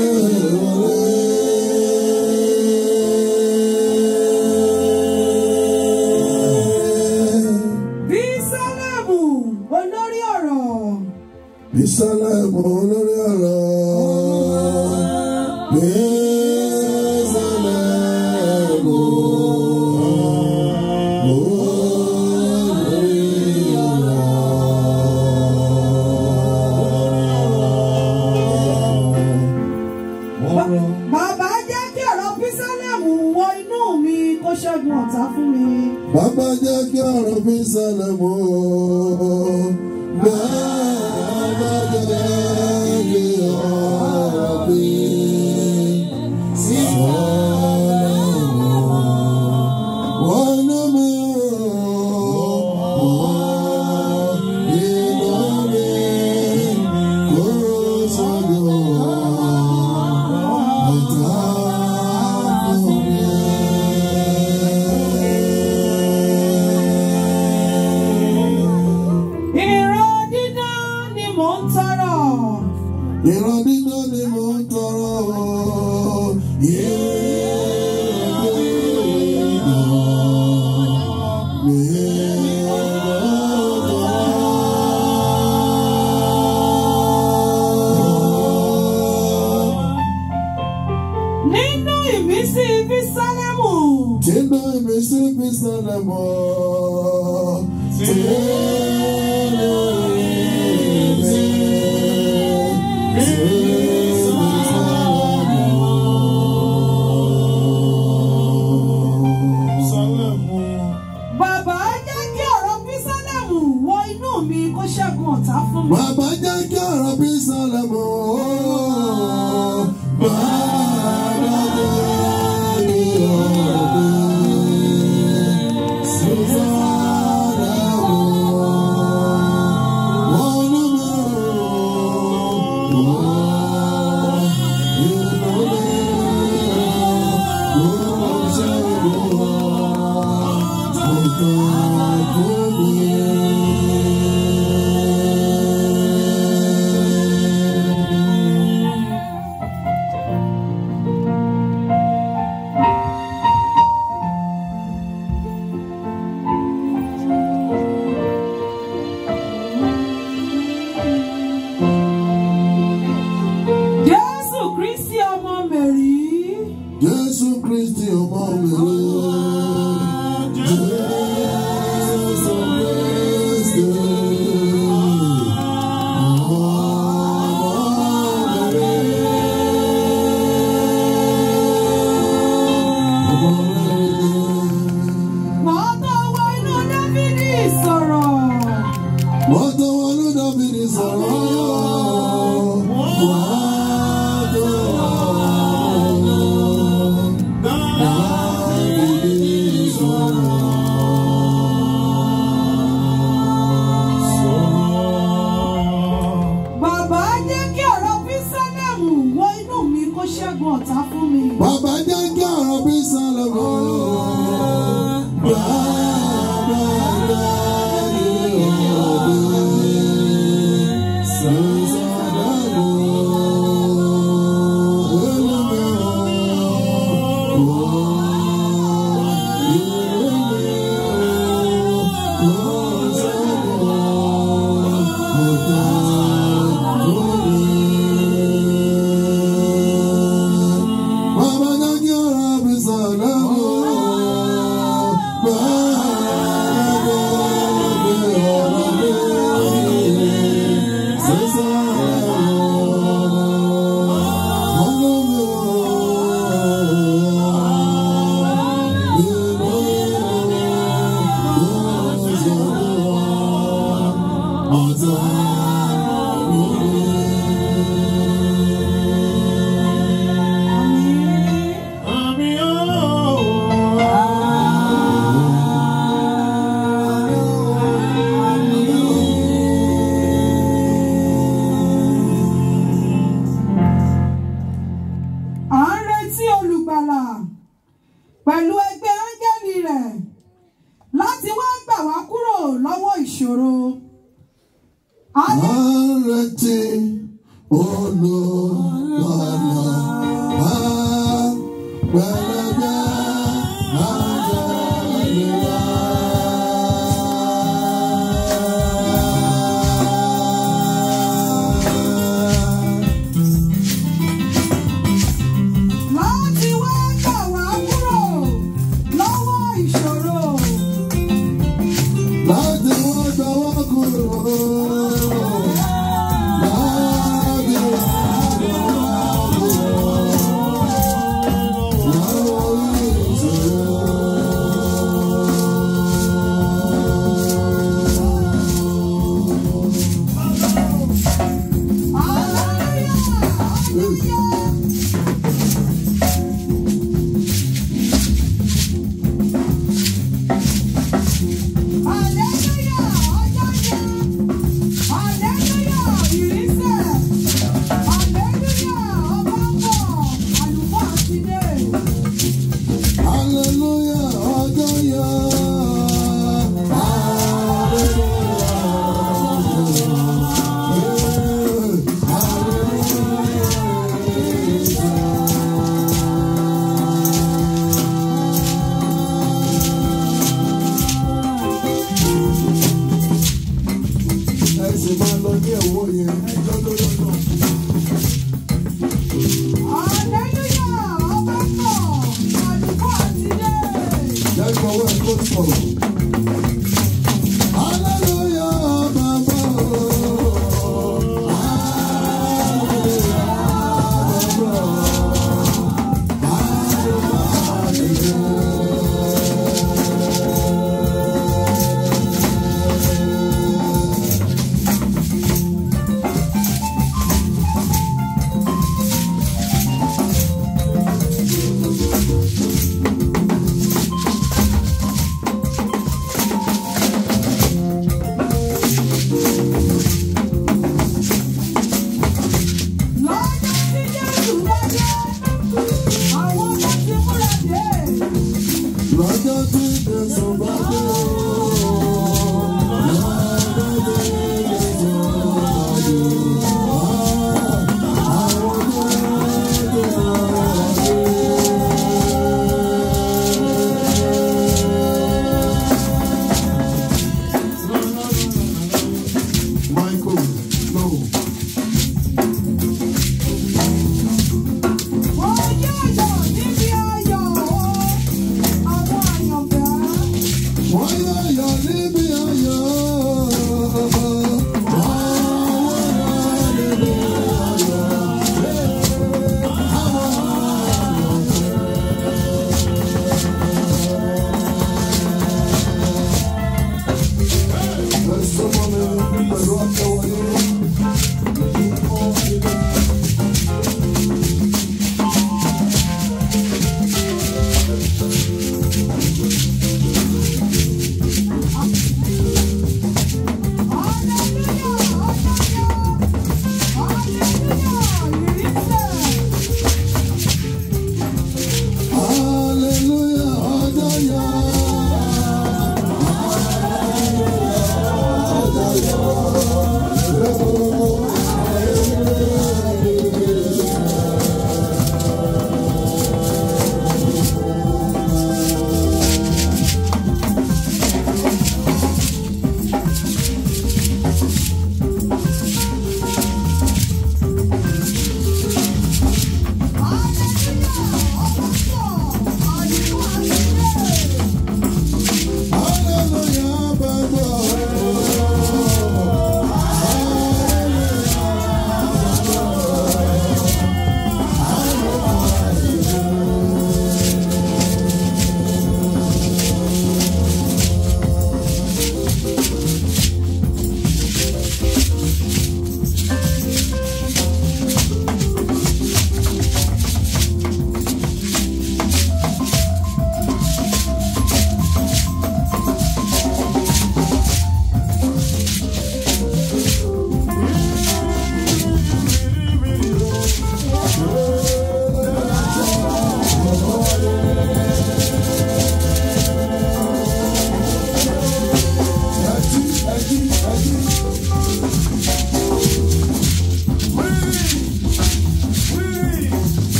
Oh.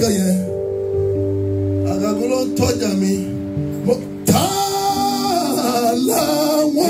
kẹ̀kẹ́ yẹn àgàgó ló mo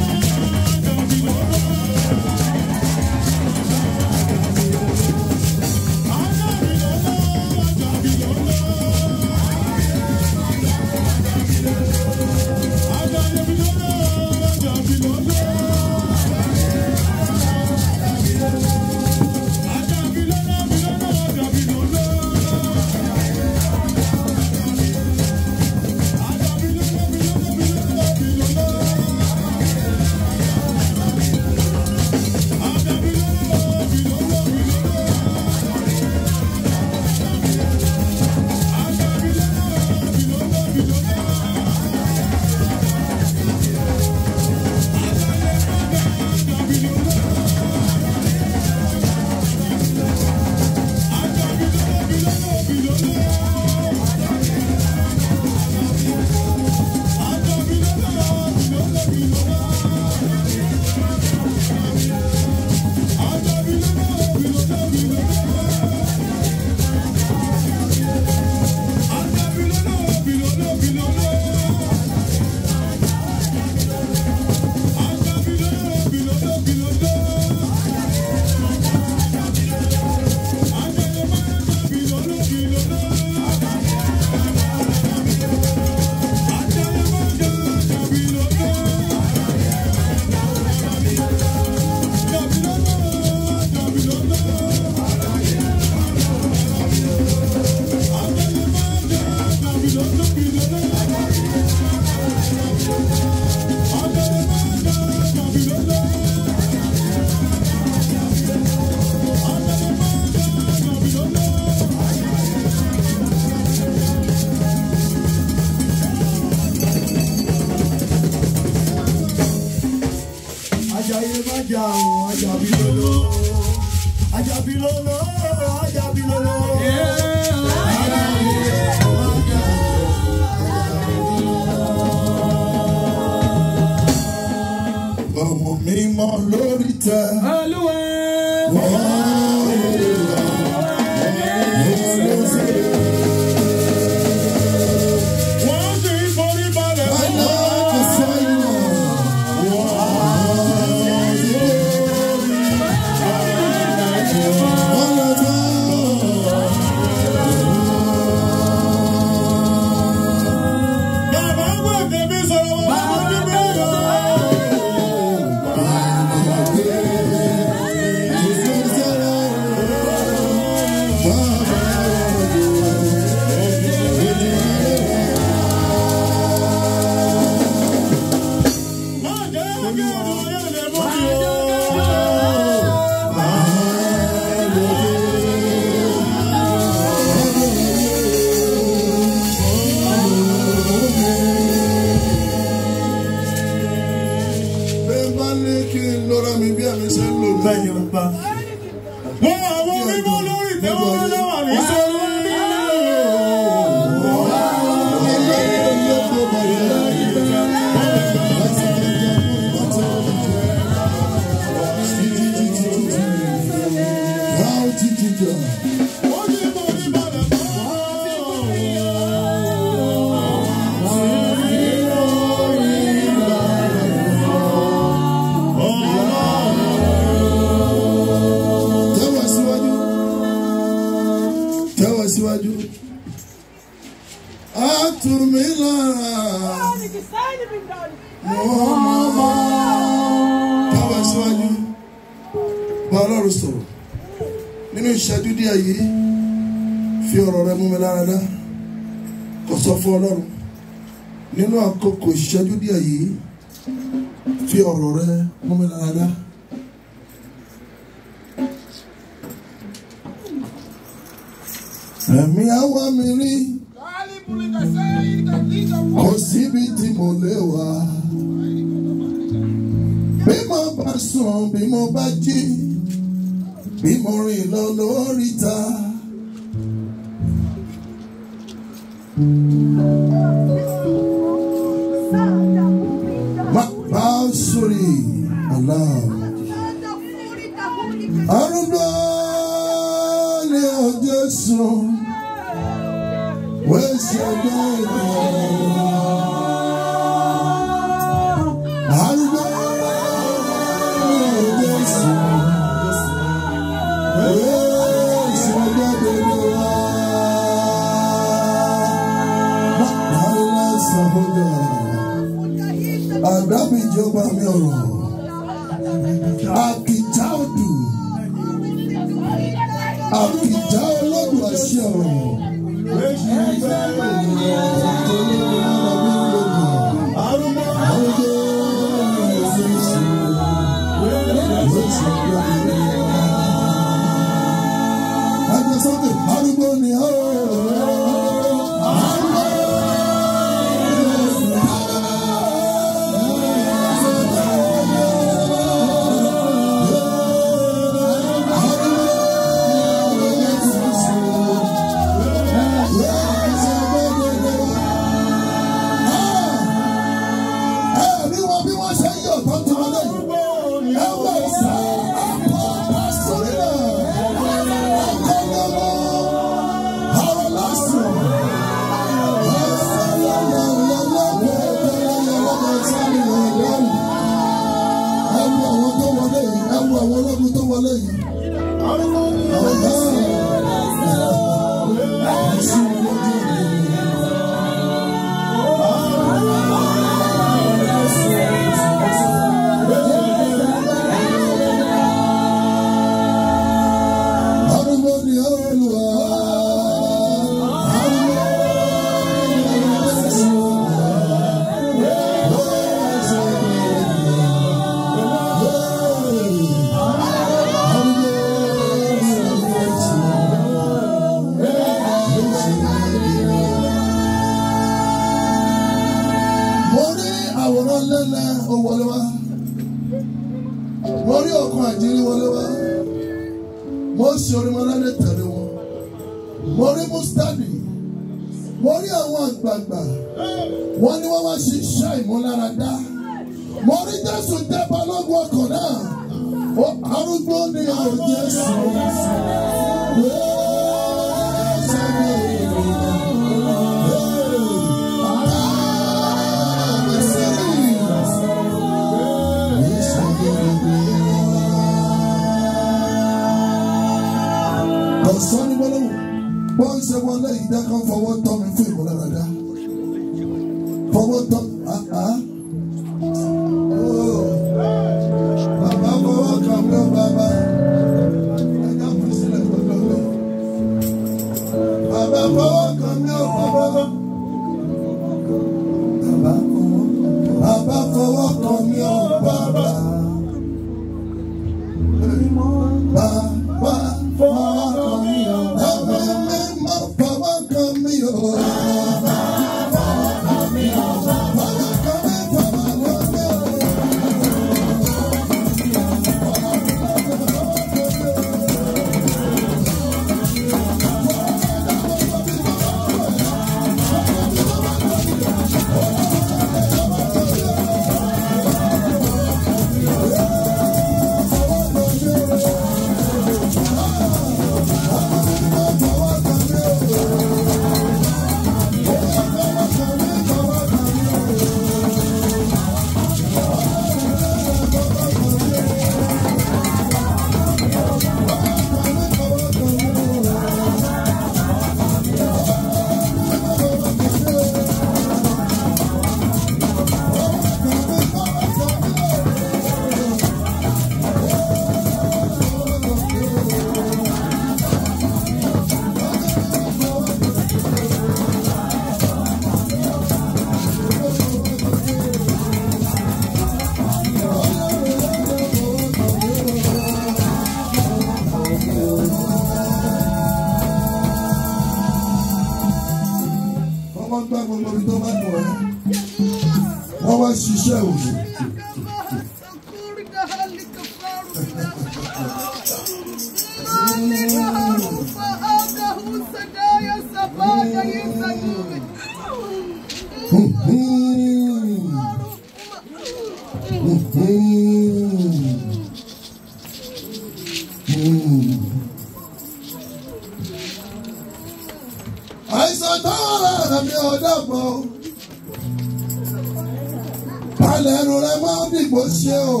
ṣe o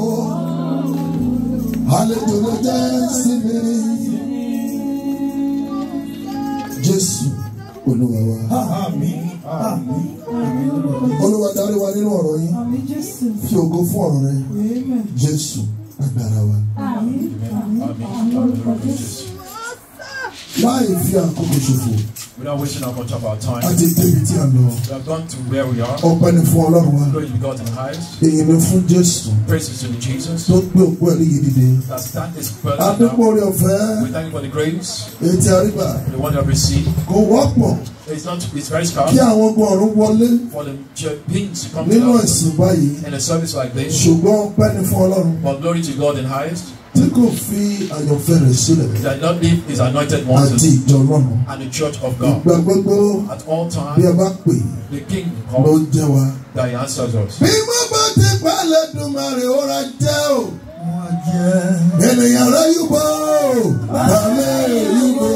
àlejò ló jẹ́ síbi Jésù Olúwa wa. Àmín. Àmín. Olúwa darí wa nínú ọ̀rọ̀ yín fi ògo fún ọ̀rọ̀ rẹ Jésù agbára wa. Àmín. Àmín. Láì fi àkókò ṣòfò without wishing up much of our time. a ti débi tí a lọ. we have gone to where we are. ọpẹ́ ni fún Ọlọ́run wa. glory be God in highest. èyí ni fún Jésù. praise to the Jesus. tó gbé òkú ẹ̀rí yìí dìde. that stand is well. adúgbò orí ọ̀fẹ́. we thank you for the grace. etí àrígbà. the one that we see. kò wọ́pọ̀. It's not it's very scarce. Kí àwọn ọgbọ́n ọ̀run wọlé. For the beings to come to us. Nínú ẹ̀sìn báyìí. In a service like this. Ṣùgbọ́n ọpẹ́ ni fún Ọlọ́run. But glory to God in highest tí kò fi àyànfẹ́ rẹ̀ sílẹ̀. he did not leave his anointed ones. àti ìjọ Ọlọ́run. and the church of God. ìgbà gbogbo at all times. bí a bá pè. the king come. ló jẹ́ wa. that he answers us. bí mo bá ti pàlẹ́ dùnmọ̀rì òra jẹ́ o. ènìyàn rẹ̀ yúbọ bàmẹ́ yúbọ.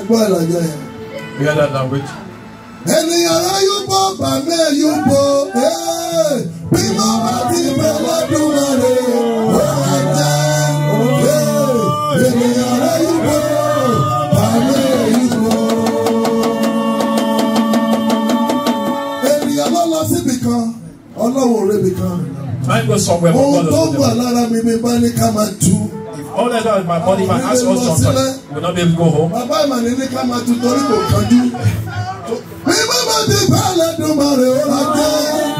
ẹgbẹ́ ìlàjà yẹn. we hear that language ènìyàn rẹ yóò bọ́ bàmí yóò bọ́ bí mo bá ti bẹ̀ lọ́dún mọ́re ó lè jẹ́ ènìyàn rẹ yóò bọ́ bàmí yóò bọ́. ènìyàn ló lọ síbi kan ọlọ́run ò rebi kan ohun tó wà lára mi mi bá ní ká máa tú all that out of my body my house was something we not be able to go home. bàbá ìmàlẹ́ ní ká máa tu torí kò kánjú bí bá lẹ́dùn mọ́ rẹ̀ ó ra jẹ́.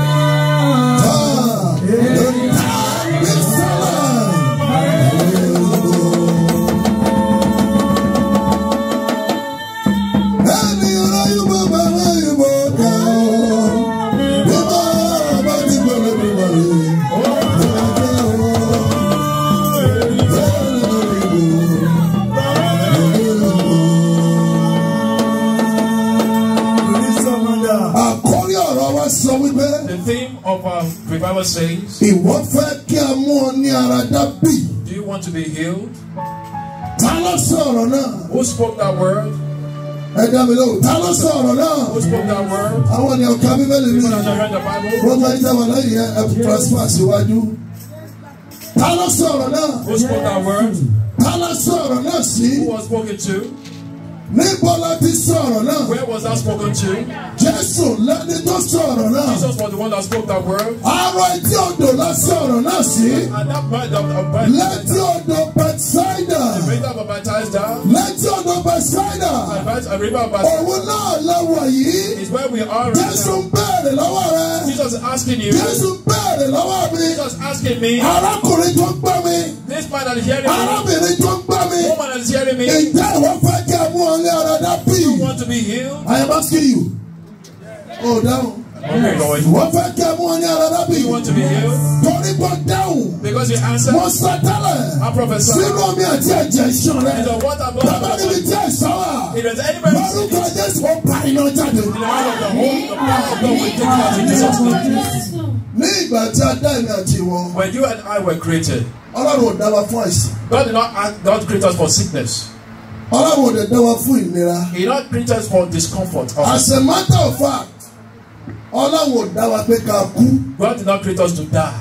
of our um, revival says. Ìwọ fẹ́ kí a mú ọ ní ara dá bí. Do you want to be healed? Ta ló sọ ọ̀rọ̀ náà? Who spoke that word? Ẹ dá mi lóhùn. Ta ló sọ ọ̀rọ̀ náà? Who spoke that word? Àwọn ènìyàn ka Bíbélì mi. Wọ́n máa ń sábà lẹ́yìn ẹ̀ ẹ̀ transfer síwájú. Ta ló sọ ọ̀rọ̀ náà? Who spoke that word? Ta ló sọ ọ̀rọ̀ náà sí? Who was spoken to? Níbo la ti sọ̀rọ̀ náà? Where was that spoken to? Jésù lẹ́ni tó sọ̀rọ̀ náà. Jesus was the one that spoke that word. Àrò etí odò la sọ̀rọ̀ náà sí. And that part of of Bethsaida. odò Bethsaida. The odò Bethsaida. The river of Òun náà la yìí. Is where we are right now. Jésù ń lọ́wọ́ rẹ. Jesus is asking you. Jésù ń lọ́wọ́ mi. Jesus is asking me. Arákùnrin tó ń gbọ́ mi. This man is hearing me. Arábìnrin tó ń gbọ́ mi. Woman is hearing me. Ǹjẹ́ ìwọ kí ẹ mú ọ want to be healed? I am asking you. Oh, down. Okay, fẹ́ kẹ́ mú ọ ní ọ̀rọ̀ you bí. Torí bọ́ dáhùn. Mo sọ tẹ́lẹ̀. Sínú omi àti ẹ̀jẹ̀ iṣan rẹ̀. Bàbá níbi tí ẹ̀ sọ wà. Lórúkọ Jésù ó pa iná jáde. Ní ìgbà tí a dá èmi àti When you and I were created. God did not God create us for sickness. Ọlọ́run ò dẹ̀ dá wa fún ìnira. He not created us for discomfort. As a matter of fact, Ọlọ́run ò dá wa pé ká kú. God did not create us to die.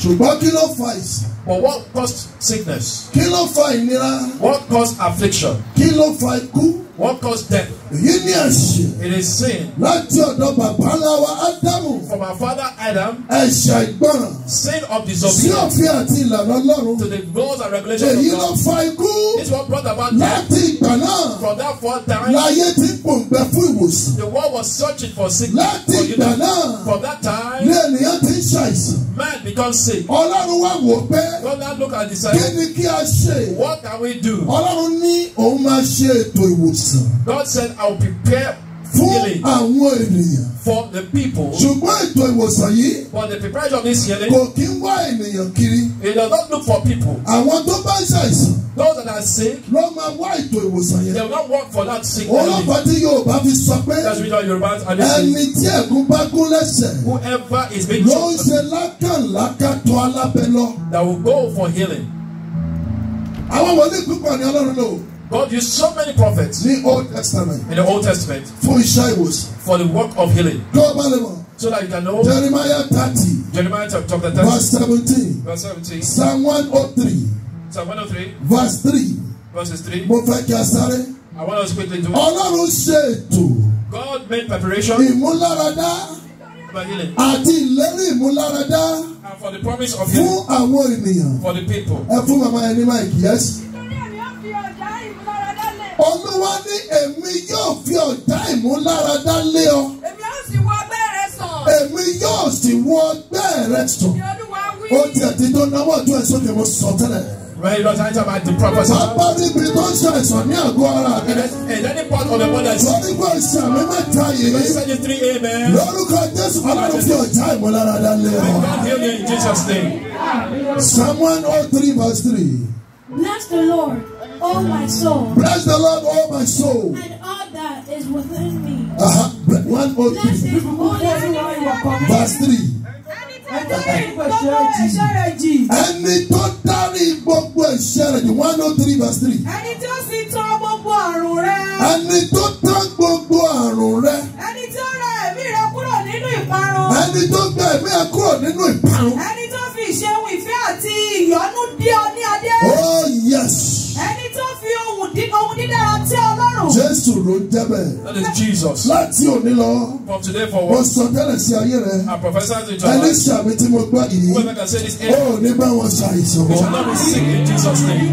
Ṣùgbọ́n kí ló fa ìsìn? But what caused sickness? Kí ló fa ìnira? What caused affliction? Kí ló fa ikú? What caused death? Èyí It is sin. Láti ọ̀dọ̀ bàbá ńlá wa Ádámù. From our father Adam. Ẹ̀ṣẹ̀ ìgbọràn. Sin of disobedience. Sí òfin àti ìlànà Ọlọ́run. To the laws and regulations of God. Èyí ló fa ikú. This one brought about death. Láti ìgbà náà. From that far time. Láyé tí ń pòǹgbẹ fún ìwòsàn. The world was searching for sin. Láti ìgbà náà. From that time. Ní ènìyàn ti ń ṣàìsàn. Man becomes sick. Ọlọ́run wá wò pé. God now look at the side. Kí ni kí a ṣe? What can we do? Ọlọ́run ní òun máa ṣe ètò ìwòsàn. God said, I'll prepare fún àwọn ènìyàn. for the people. ṣùgbọ́n ètò ìwòsàn yìí. for the preparation of this healing. kò kí ń wá ènìyàn kiri. it does not look for people. àwọn tó bá ń ṣàìsàn. those that are sick. ló máa wá ètò ìwòsàn yẹn. they will not work for that sick person. olóòpá tí Yorùbá fi sọ pé. that's why Yorùbá are the same. ẹni tí ẹ̀gún bá gún lẹ́sẹ̀. whoever is being chosen. ló ń ṣe lákàlákà tó alábẹ́ lọ. that will go for healing. àwọn wòlíì púpọ̀ ni Ọlọ́run lò. God used so many prophets. Ní Old Testament. In the Old Testament. for iṣẹ́ ìwòsàn. For the work of healing. Tó So that you can know. Jeremiah 30, Jeremiah chapter 30, Verse 17. Verse seventeen. Psalm 103, Psalm 103, Verse 3. Verses three. Mo fẹ́ I want us quickly to. Ọlọ́run ṣe ètò. God made preparation. Ìmúláradá. By healing. Àti ìlérí ìmúláradá. And for the promise of healing. Fún àwọn ènìyàn. For the people. Ẹ fún màmá ẹni máa kì Olúwa ní èmi yóò fi ọ̀já ìmúláradá lé ọ. Èmi yóò sì wọ ọgbẹ́ rẹ sàn. Èmi yóò sì wọ ọgbẹ́ rẹ sàn. Ó ti ẹ̀dí tó náwó ọdún ẹ̀sọ́ kì í mo sọ tẹ́lẹ̀. When you don't answer about the prophecy. Pápá níbi tó ń ṣe àìsàn ní àgọ́ ara mi. Is any part of the body? Lórúkọ ìṣàn mi mẹ́ta yìí. He said three amen. Lórúkọ Jésù Ọlọ́run fi ọ̀já ìmúláradá lé ọ. God heal you in Jesus' name. Psalm one oh three verse three. Bless the Lord oh my soul. Bless the Lord, all my soul. And all that is within me. Uh-huh. One more. Bless his holy Verse 3. Ẹni tó dárí gbogbo ẹ̀ṣẹ̀ rẹ̀ one oh three verse three. Ẹni tó sì tán gbogbo àrùn rẹ̀. Ẹni tó tán gbogbo àrùn rẹ̀. Ẹni tó rẹ̀ ẹ̀mí rẹ kúrò nínú ìparun. ẹni tó gba ẹ̀mí rẹ kúrò nínú ìparun. ẹni tó fi ìṣeun ìfẹ́ àti ìyọ́nú dí ọ ní adé. oh yes. ẹni tó fi ohun dídára tí ọlọ́run. jésù ló ń jẹ́ bẹ́ẹ̀. that is jesus. láti òní lọ. from today forward. mo sọ tẹ́lẹ̀ sí ayé rẹ. a professor to john. ẹni sàmì tí mo gbọ́ yìí. whoever can say this air. o ò ní bá wọn ṣàìsàn. we shall not be sick in jesus name.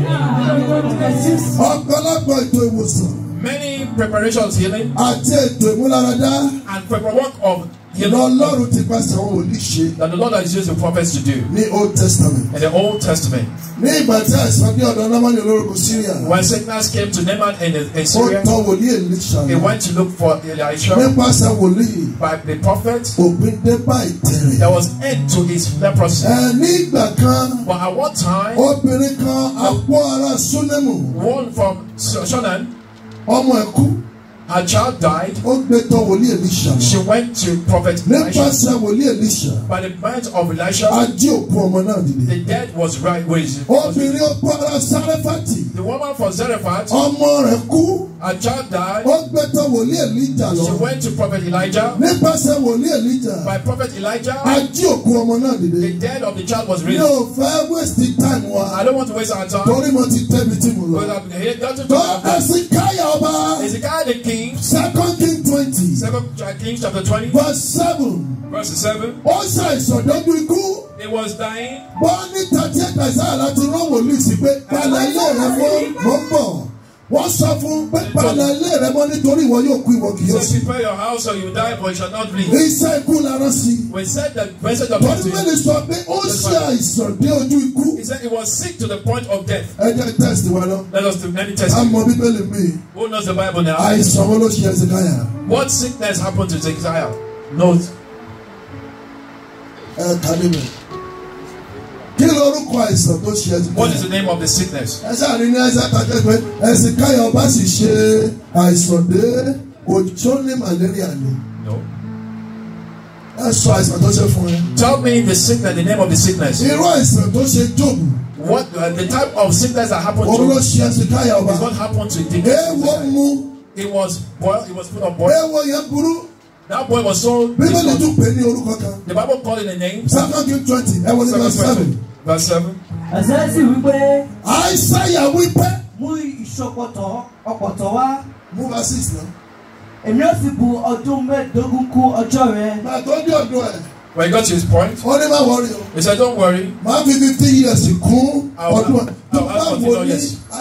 ọ̀pọ̀lọpọ̀ ètò ìwòsàn many preparations healing. àti ètò ìmúláradá. and prepare work of healing. lọ́lọ́run ti pàṣẹ àwọn wòlíì ṣe. that the Lord has used the prophets to do. ní Old Testament. in the Old Testament. ní ìgbà tí àìsàn ní ọ̀dọ̀ Námán ní olórúkọ Syria. when sickness came to Naaman in, Syria. ó tọ̀ wòlíì Elisha. he went to look for Elisha. nípasẹ̀ wòlíì. by the prophet. òpin dé bá ìtẹ̀ there was end to his leprosy. ẹ ní kan. but at one time. obìnrin kan àpò ara Súnẹ́mù. one from Shonan. ọmọ ẹ̀kú é Her child died. Ó gbé tọ̀ wòlíì Elisha. She went to prophet Elisha. Nípasẹ̀ wòlíì Elisha. By the might of Elisha. A òkú ọmọ náà dìde. The dead was right raised. Obìnrin ọgbọ́n ara Sarefati. The woman for Zarephath. Ọmọ rẹ̀ kú. Her child died. Ó gbé tọ̀ wòlíì Elijah lọ. She went to prophet Elijah. Nípasẹ̀ wòlíì Elijah. By prophet Elijah. A òkú ọmọ náà dìde. The dead of the child was raised. Mi fẹ́ waste time wa. I don't want to waste our time. Torí mo ti tẹ́bi tí mo lọ. But I've got to do that. Tó Ezekiah ọba. Ezekiah the king. 20. Second Kings 20. Second King chapter 20. Verse 7. Verse 7. Ó ṣàìsàn dọ́dún ikú. He was dying. Bọ́ọ̀ni tàtí ẹ̀ka sáà láti rán wòlíì sí pé, "Kàlẹ́ yóò rẹ̀ fún mọ́ bọ̀." wọ́n sọ fún pé ilé rẹ mọ́ nítorí ìwọ yóò kú ìwọ kì yóò sí. prepare your house or you die but you shall not live. iṣẹ́ ikú lára sí. we said that message of God. bọ́dúmẹ́lì sọ pé ó ṣe àìsàn dé ojú ikú. he said he was sick to the point of death. ẹ jẹ́ test wa lọ. let us do any test. a mọ bíbélì mi. who knows the bible now. àìsàn wo ló ṣe Hezekiah. what sickness happened to Hezekiah? note. ẹ kàlí mi. Kí orúkọ àìsàn tó ṣe ẹsẹ̀? What is the name of the sickness? Ẹ ṣáà rí ní ẹsẹ̀ àtàjẹ́ pé ẹ̀sìn káyọ̀ bá sì ṣe àìsàn dé òjò ní malaria ni. No. Ẹ sọ àìsàn tó ṣe fún ẹ. Tell me the sickness, the name of the sickness. Irú àìsàn tó ṣe Job. What uh, the type of sickness that happened to you? Òun ló káyọ̀ bá. Is what happened to you. Èèwọ̀ mú. It was boil, it was put on boil. Èèwọ̀ yẹn burú. That boy was so. Bíbélì tún pè é ní orúkọ kan. The Bible called it a name. Second twenty, ẹ wọlé verse seven verse seven. ẹsẹ̀ sì wípé. àìsàyà wípé. mú ìṣọpọ̀tọ̀ ọ̀pọ̀tọ̀ wá. mú verse six náà. èmi ó sì bu ọdún mẹ́ẹ̀ẹ́dógún kún ọjọ́ rẹ. màtó ní ọdún ẹ̀. But he got to his point. Ó ní máa wọrí o. He said, don't worry. Máa fi fifteen years kún ọdún ẹ̀. Tó bá wọlé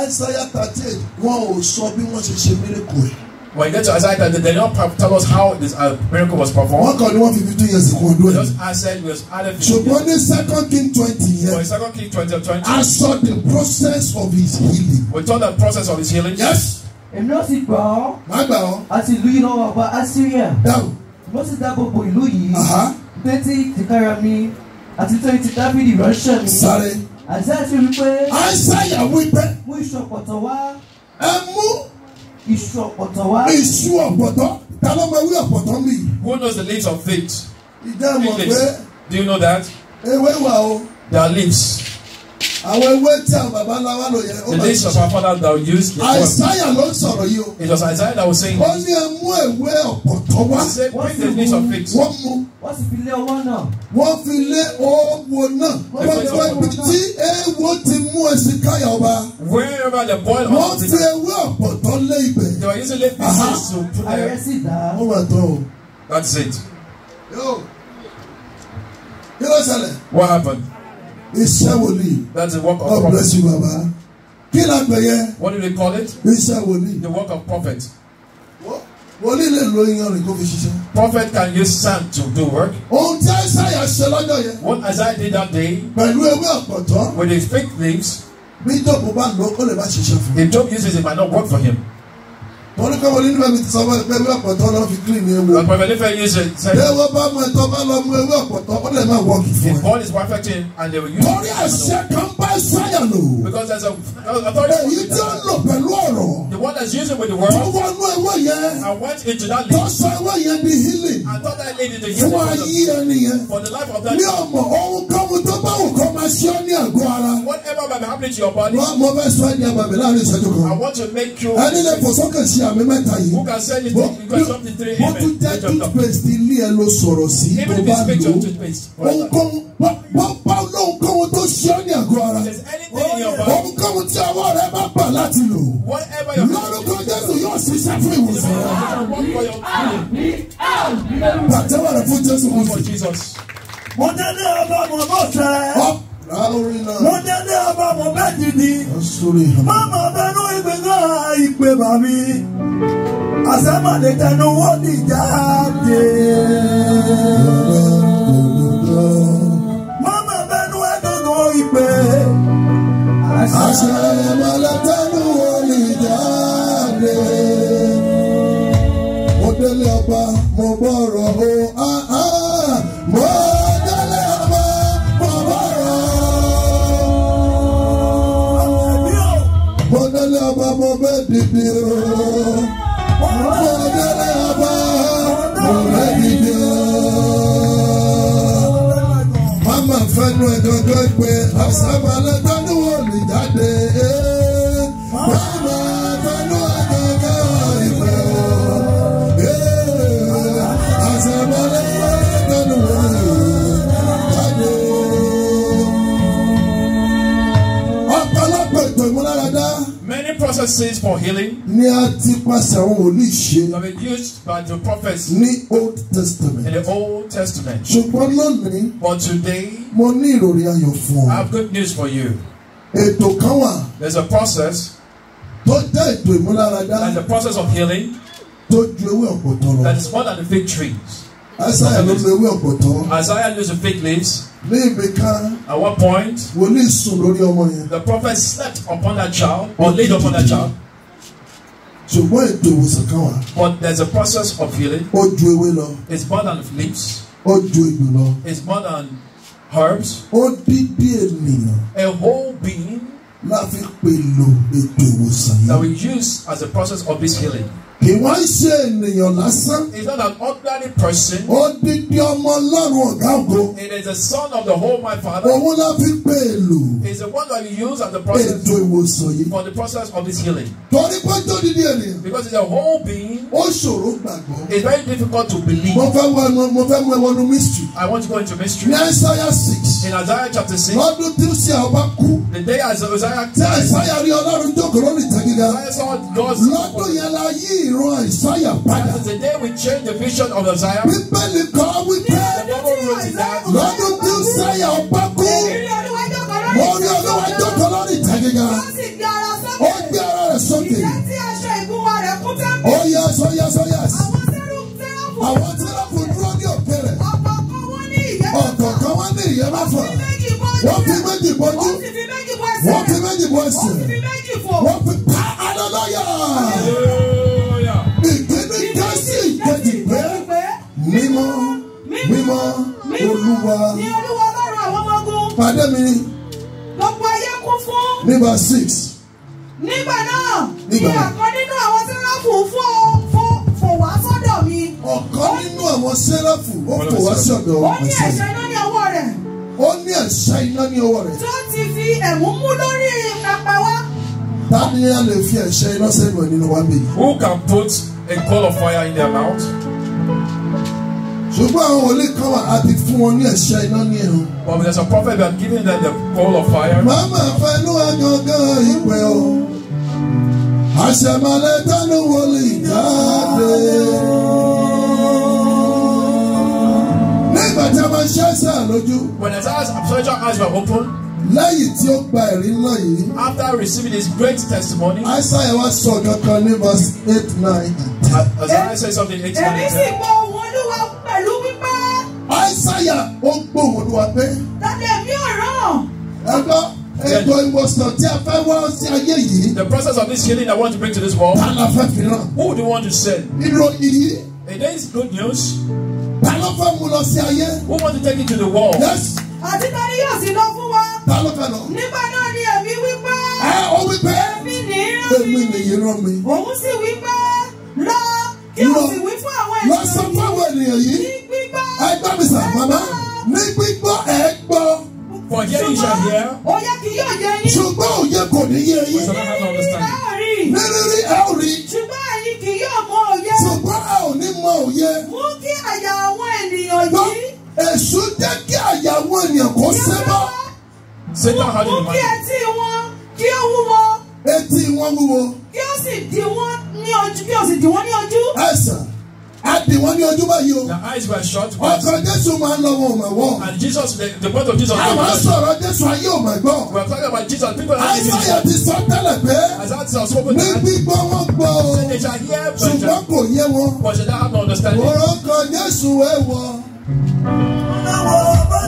Isaiah thirty eight, wọn ò sọ bí wọ́n ṣe ṣe miracle ẹ̀. When we get to Isaiah 30, they don't tell us how this uh, miracle was performed. What God ní wọ́n fi fifteen years ago ọdún ẹ̀. Just as said was added fifteen. Ṣùgbọ́n ní second king twenty yẹn. For second king twenty twenty. I saw the process of his healing. We saw the process of his healing. Yes. Èmi ó sì gbà ọ́. Má gbà ọ́. Àti ìlú yìí lọ́wọ́ ọba Assyria. Dáhùn. Mo sì dá gbogbo ìlú yìí. Tẹ́tí ìtìkára mi àti tẹ́tí ti Dábìlì ránṣẹ́ mi. Sáré. Àti àti wípé. Àìsàn ìyàwó ibẹ̀. Mú ìṣọ̀pọ̀tọ̀ wá. Ẹ mú. Iṣu ọ̀pọ̀tọ̀ wá. Iṣu ọ̀pọ̀tọ̀ ta ló máa wí ọ̀pọ̀tọ̀ mi. Who knows the lips of faith? Ìjà mọ̀ pé. Do you know that? Ewé wà o. Their lips. Àwọn ewé tí àwọn baba ńlá wa lò The days of our father that we used Isaiah, Àìsáyà ló ń sọ̀rọ̀ yìí o. It was Isaiah that was saying. Ó ní ẹ mú ewé ọ̀pọ̀tọ́ wá. He said bring the days of figs. Wọ́n mú. Wọ́n sì fi lé owó náà. Wọ́n fi lé owó náà. Wọ́n fi ibi tí ewo ti mú èsì káyà ọba. Wherever the boil of the. Wọ́n fi ewé ọ̀pọ̀tọ́ lé ibẹ̀. They were using late pieces to put there. Ayẹyẹ sì dá. Ó wà tó That's it. Yo. Kí ló What happened? iṣẹ́ that's the work of God prophet. bless you baba. kí la what do they call it. iṣẹ́ the work of prophet. wòlíì lè lo iyan rẹ̀ kó fi ṣiṣẹ́. prophet can use sand to do work. ohun tí Isaiah ṣe lọ́jọ́ yẹn. what Isaiah did that day. pẹ̀lú ewé ọ̀pọ̀tọ́. with his fake leaves. bí Job bá lọ kó lè má ṣiṣẹ́ fún. if Job uses it might not work for him wọ́n ní káwọn onídìbò mi ti sọ wọ́n ewé ọ̀pọ̀tọ́ lọ́ fi clean ewu. ọ̀pọ̀lọpọ̀ nífẹ̀ẹ́ yìí ṣe ṣe. bí ewé bá mọ ẹ̀tọ́ bá lọ mú ewé ọ̀pọ̀tọ́ ó lè máa wọ́ọ̀kì fún ẹ. the ball is perfecting and they will use it. torí àṣẹ kan bá ṣáyà lò. because there is a authority. èyí tí ó lò pẹ̀lú ọ̀rọ̀. the one that is using with the word. tó wọnú ewé yẹn. and went into that lady. tó sọ ewé yẹn di healing. and thought that lady dey heal. fún ayé ẹni yẹn. for the life of that máa ṣe ọ́ ní àgọ́ ara. whatever may be happening to your body. wọ́n mọ bẹ́ẹ̀ sọ ẹ́ ní abàmì láàrin ìṣẹ́jú kan. I want to make you. ẹni lè fò sókè sí àmì mẹ́ta yìí. who can send you to the question of the three amen. mo tún jẹ́ toothpaste ilé ẹ ló sọ̀rọ̀ sí tó bá lò ó. ohunkóhun bá lóhunkóhun tó ṣe ọ́ ní àgọ́ ara. ohunkóhun tí ọwọ́ rẹ bá bà láti lò. lórúkọ Jésù yóò ṣiṣẹ́ fún ìwòsàn rẹ. Ah, ah, ah, pàtẹ́wọ̀ rẹ fún Jésù Kristi. Mo tẹ́lẹ̀ ọlọ́mọ náà sẹ́ mo délé ọba mo bẹ́ dìdí má mà bẹnu ìgbéga ìpè bàmí àsẹ́màdé tẹnu wọ́n ní jáde. má mà bẹnu ẹ̀dọ́gọ́ ìpè àsẹ́màdé tẹnu wọ́n ní jáde. mo délé ọba mo bọ̀rọ̀ o Mama fẹnu ẹ̀dọ̀dọ̀ pé àṣàbàlẹ̀ tọ́dún ò lè jáde. processes for healing. Ní a ti pàṣẹ àwọn wòlíì ṣe. Have been used by the prophets. Ní Old Testament. In the Old Testament. Ṣùgbọ́n lónìí. But today. Mo ní ìròrí ayọ̀ fún ọ. I have good news for you. Ètò kan wà. There's a process. Tó jẹ́ ètò ìmúláradá. And the process of healing. Tó ju ewé ọ̀pọ̀ tọrọ. That is more than the fig Isaiah ló lo ewé ọ̀pọ̀tọ́. Isaiah used the fig leaves. Ní ibi kan. At what point. Wòlíì sùn lórí ọmọ yẹn. The prophet slept upon that child or laid upon that child. Ṣùgbọ́n ètò ìwòsàn kan wà. But there's a process of healing. Ó ju ewé lọ. It's more than leaves. Ó ju ìlú lọ. It's more than herbs. Ó dídí ènìyàn. A whole being. Láfi pèlò ètò ìwòsàn yìí. That we use as a process of this healing. Kì wọ́n ṣe ènìyàn lásán. He is not an ordinary person. Odidi ọmọ Ọlọ́run ọ̀gá ògo. He is the son of the whole my father. Òun la fi pè èlò. He is the one that we use as the process. Ètò For the process of his healing. Because he is a whole being. Ó ṣòro gbàgbọ́. It is very difficult to believe. I want to go into mystery. Ní Isaiah six. In Isaiah chapter six. Lọ́dún tí ó ṣe ọba The day Isaiah. Isaiah rí Ọlọ́run ìran Àìsáyà padà. That is the day we change the vision of Isaiah. Bíbélì kọ́ wípé lọ́dún tí Àìsáyà ọba kú mo rí Olúwa jókòó lórí ìtàgé ga ó gbé ara rẹ̀ sókè. Ó yẹ sọ yẹ sọ yẹ. Àwọn tí wọ́n kù dúró ní òkè rẹ̀. Ọ̀kọ̀ọ̀kan wọn ní ìyẹn bá fọ̀. Wọ́n fi méjì bọ́jú. Wọ́n fi méjì bọ́ ẹsẹ̀. Wọ́n fi pa àlọ́ lọ́yà. mímọ́ mímọ́ olúwa pàdé mi. gbogbo ayé kún fún. nígbà six. nígbà náà ni ọ̀kan nínú àwọn sẹ́ráfù fò wá sọ́dọ̀ mi. ọ̀kan nínú àwọn sẹ́ráfù ó fò wá sọ́dọ̀ mi. ó ní ẹ̀ṣẹ́ iná ní ọwọ́ rẹ̀. ó ní ẹ̀ṣẹ́ iná ní ọwọ́ rẹ̀. tó ti fi ẹ̀mú mú lórí apá wa. Daniel lè fi ẹ̀ṣẹ́ iná sẹ́yìn nínú wa bí. Who can put a coal of fire in their mouth? ṣùgbọ́n àwọn wòlíì kan wà àti fún wọn ní ẹ̀ṣẹ̀ iná ní ẹ̀rùn. but there is a prophet that giving them the call of fire. màmá fẹnu agangan ìwẹ̀ o àṣẹmọlẹ tánú wòlíì jáde. nígbà tí a máa ṣe ẹsẹ̀ lójú. when the spiritual eyes were open. Lẹ́yìn tí ó gba ẹ̀rí náà yìí. After receiving his great testimony. Isaiah wá sọ kankan ní verse eight nine. As I say something eight nine ten. Èmi sì gbọ́ Aísáyà ó ń gbóhùn olúwa pé. Dàdé mi ò rán. Ẹ gbọ́ ètò ìwòsàn tí a fẹ́ wá sí ayé yìí. The process of this healing I want to bring to this world. Ta fẹ́ fi ràn? Who do you want to send? Ìròyìn yìí. It is good news. Ta fẹ́ mú lọ sí ayé? Who wants to take it to the world? Yes. Àti yóò sì lọ fún wa. Ta fẹ́ lọ? Nígbà náà ni èmi wípé. Ẹ o wípé. Èmi nìyí rán mi. Èmi nìyí rán mi. Òun sì wípé lọ kí o sì wí fún àwọn ènìyàn yìí. Lọ sọ fún àwọn ènìyàn yìí ẹ gbọ́ mi sà màmá ní gbígbọ́ ẹ gbọ́. for hearing you shall hear. òye kì yóò yé yín. ṣùgbọ́n òye kò ní yé yín. ní rírí ẹ ò rí. ṣùgbọ́n ẹ̀yin kì yóò mọ òye. ṣùgbọ́n ẹ ò ní mọ òye. mú kí àyà àwọn ènìyàn yìí. èṣù jẹ́ kí àyà àwọn ènìyàn kò sébọ́. Satan had in mind. Mú kí etí wọn kí ó wúwo. Etí wọn wúwo. Kí ó sì dí wọn ní ojú. Kí ó sì dí wọn ní ojú. Ẹ̀sán a dì wọ́n ní yìí o. eyes were shut. ọkọ Jésù máa ń lọ wọn ò mà wọ. and Jesus the the of Jesus. àwọn sọ̀rọ̀ Jésù ayé ò mà gbọ́. we are talking about Jesus people are listening. Aísáyà ti sọ tẹ́lẹ̀ pé. as that is our spoken word. ní gbígbọ́ wọn gbọ́ o. say they shall hear but ṣùgbọ́n kò yé wọn. but they don't have no understanding. orúkọ Jésù èèwọ̀. orúkọ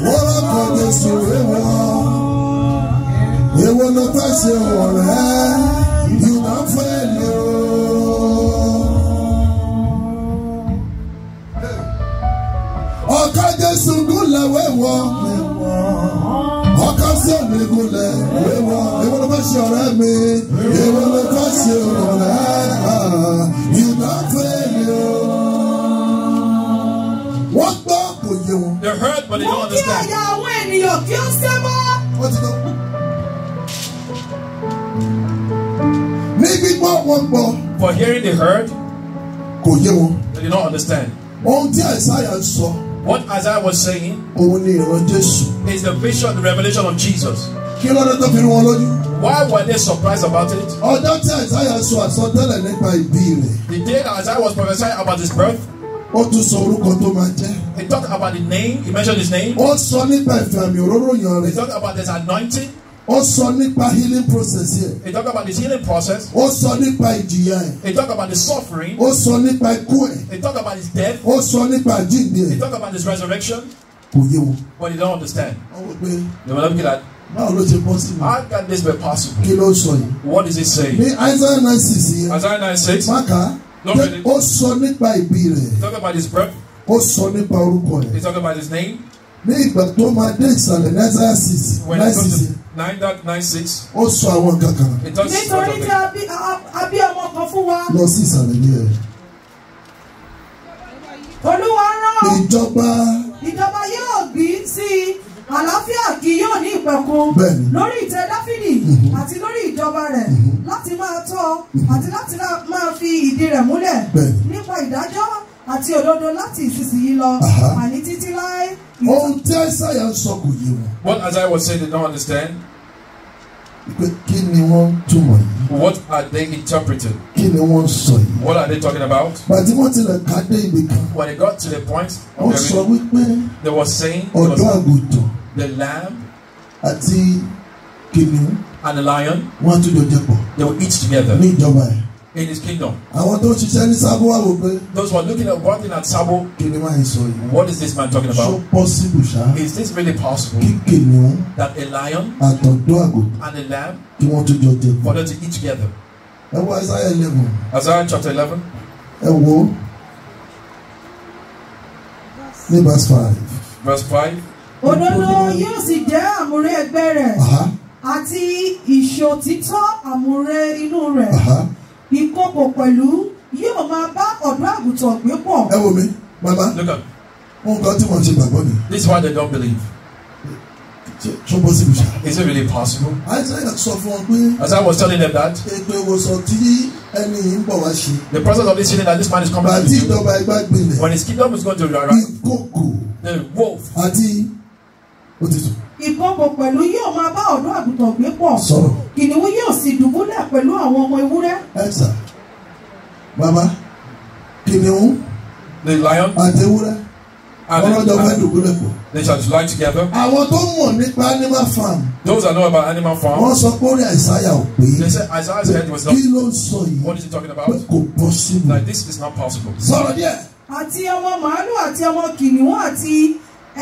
Jésù èèwọ̀. èèwọ̀ ló fẹ́ ṣe wọ̀rẹ́. ìlú náà fẹ́. ọ̀ka Jésù gúnlẹ̀ wéwọ́ ọ̀ka Síónì gúnlẹ̀ wéwọ́ èwo ló fẹ́ ṣe ọ̀rẹ́ mi èwo ló fẹ́ ṣe ọ̀rẹ́ yìí náà fẹ́ o. wọ́n gbọ́ kò yé wọn. they heard but they don't understand. mo kí àyà àwọn ènìyàn kí ó ṣe mọ́. ní gbígbọ́ wọn gbọ́. for hearing they heard. kò yé wọn. they did not understand. ohun tí àìsàn yà ń sọ. What Isaiah was saying is the vision, the revelation of Jesus. Why were they surprised about it? The day that Isaiah was prophesying about his birth, ó he talked about the name he mentioned his name. ó he talked about his anointing ó sọ nípa healing process yẹn. he talk about the healing process. ó sọ nípa ìjìyà yẹn. he talk about the suffering. ó sọ nípa ikú ẹ̀. he talk about his death. ó sọ nípa àjíǹde ẹ̀. he talk about his resurrection. kò yé wọn. but they don't understand. wọ́n wọ pé. they were looking at. báwo ló ṣe possible. how can this be possible. kí ló sọ yìí. what is he saying. ní Isaiah nine six yẹn. Isaiah nine six. maka. no really. ó sọ nípa ìbí rẹ̀. he talk about his breath. ó sọ nípa orúkọ rẹ̀. he talk about his name ní ìgbà tó máa dé ìsàlẹ̀ Isaiah six nine six. nine six. ó sọ àwọn nǹkan kan. nítorí tí a bí ọmọ kan fún wa. lọ sí ìsàlẹ̀ ní ẹ̀. olúwa rán. ìjọba. ìjọba yóò gbé sí i àlàáfíà kì yóò ní ìpẹ̀kun lórí ìtẹ́ dáfídì mhm. àti lórí ìjọba rẹ̀ mhm. láti máa tọ́ mhm. àti láti máa fi ìdí rẹ̀ múlẹ̀ nípa ìdájọ́ àti òdodo láti ìsinsìnyí lọ àní láéláé. ohun tí àìsàyà ń sọ kò yé wọn. what as I was saying they don't understand. pé kí ni wọ́n ń túmọ̀ yìí. what are they interpreting. kí ni wọ́n ń sọ yìí. what are they talking about. bàtí wọ́n tilẹ̀ ká dé ibi kan. when they got to the point. wọ́n sọ wípé. they were saying. ọ̀dọ́ àgùntàn. the lamb. àti kìnìún. and the lion. wọ́n á tún jọ jẹ pọ̀. they will eat together. ní ìjọba yẹn in his kingdom. àwọn tó ṣiṣẹ́ ní sábó wà wò pé. those who are looking at working at sábó. kí ni wàá sọ yìí. what is this man talking about. so possible ṣá. is this really possible. kí kìnìún. that a lion. àtọ̀dọ́ àgùntàn. and a lamb. kí wọ́n tó jọ jẹ. for them to eat together. ẹ wò Isaiah eleven. Isaiah chapter eleven. ẹ wò ní verse five. verse five. òdodo yóò sì jẹ́ àmúrè ẹgbẹ́ rẹ̀. àti ìṣòtítọ́ àmúrè inú rẹ̀ ìkókò pẹ̀lú yóò máa bá ọ̀dọ́ àgùntàn gbé pọ̀. ẹ wo mi bàbá nǹkan tí wọ́n ti gbàgbọ́ ni. this is why they don't believe. is it really possible. as I was telling them that. the presence of this healing that this man is coming to do. when his kingdom is going to arrive. the wolf ìkọ̀kọ̀ pẹ̀lú yóò máa bá ọ̀dọ́ àgùntàn gbé pọ̀ kìnìún yóò sì dùbúlẹ̀ pẹ̀lú àwọn ọmọ ewúrẹ́. ẹ̀sà bàbá kìnìún the lion àti ewúrẹ́ ọlọ́jọ́ fẹ́ dùbúlẹ̀ pọ̀. They shall delight together. Àwọn tó mọ̀ nípa animal farm. Those that know about animal farm. Wọ́n sọ pé orí Àìsáyà ò pé. They said Isaiah's head was not. Kí ló ń sọ yìí? What is he talking about? Pé kò possible. Like this is not possible. Sọ̀rọ̀ díẹ̀. Àti ọmọ màálù àti ọmọ kìnìún àti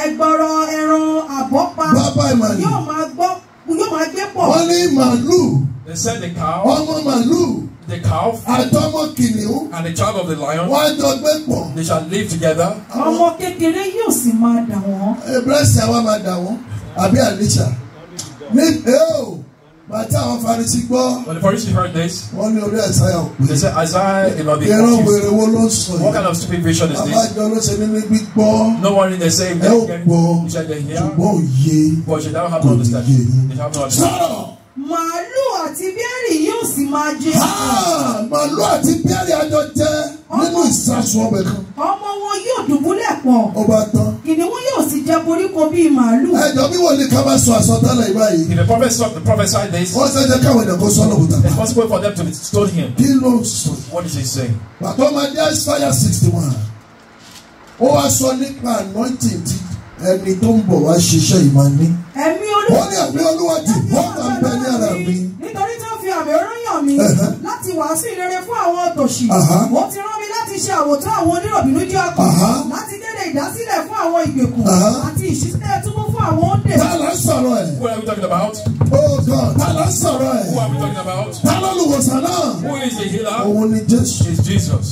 ẹgbọrọ ẹran àbọ́pa yóò máa gbọ́ yóò máa gbé pọ̀. wọ́n ní màlúù ọmọ màlúù the cow. And the child of the lion. Wọ́n jọ They shall live together. Ọmọ kékeré yóò sì máa dà wọ́n. Ebrẹ́sì àwa máa Bàtí àwọn Farisi gbọ́. When the Pharisees heard this. Wọ́n ní orí Isaiah òpè. They said Isaiah is not being confused. Ìran wèrè wo ló ń sọ yìí? What kind of stupid vision is this? Àbájọ ló ṣe nínú gbígbọ́. No one in the same day. Ẹ ò gbọ́. Ṣùgbọ́n òye. But you don't have to understand. They have no understanding. Sọ̀rọ̀. Màálù àti bẹ́ẹ̀rì yóò sì máa jẹ. Màálù àti bẹ́ẹ̀rì àjọ jẹ nínú ìsásùn ọbẹ̀ kan. ọmọ wọn yóò dùbúlẹ̀ pọ̀. ó bá tán. kìnìún yóò sì jẹ koríko bíi màálù. ẹ jọ bí wòlíì ká bá sọ àsọtẹ́lẹ̀ ìbáyìí. if the prophet saw the prophet saw this. wọ́n ṣe jẹ́ káwọn ènìyàn kó sọ́nà òkúta. it's possible for them to be told him. kí ló ń sọ. what is he saying. bàtọ́ máa dé Isaiah sixty one. ó wá sọ nípa anointing ti ẹni tó ń bọ̀ wá ṣiṣẹ́ ìmọ̀ ní. ẹ̀mí olúwa. wọ́n ní ẹ̀mí olúwa ti wọ́n máa ń mi láti wàásù ìrere fún àwọn òtòṣì ó ti rán mi láti ṣe àwòtán àwọn onírọ̀bìnújẹ́ ọkàn láti dédé ìdásílẹ̀ fún àwọn ìgbèkùn àti ìṣísílẹ̀ túbú fún àwọn òǹdè. ta sọ̀rọ̀ ẹ̀. Who are we talking about? Oh God, ta la sọ̀rọ̀ ẹ̀. Who are we talking about? ta ló náà. Who is the healer? òun ni Jésù. Is Jesus.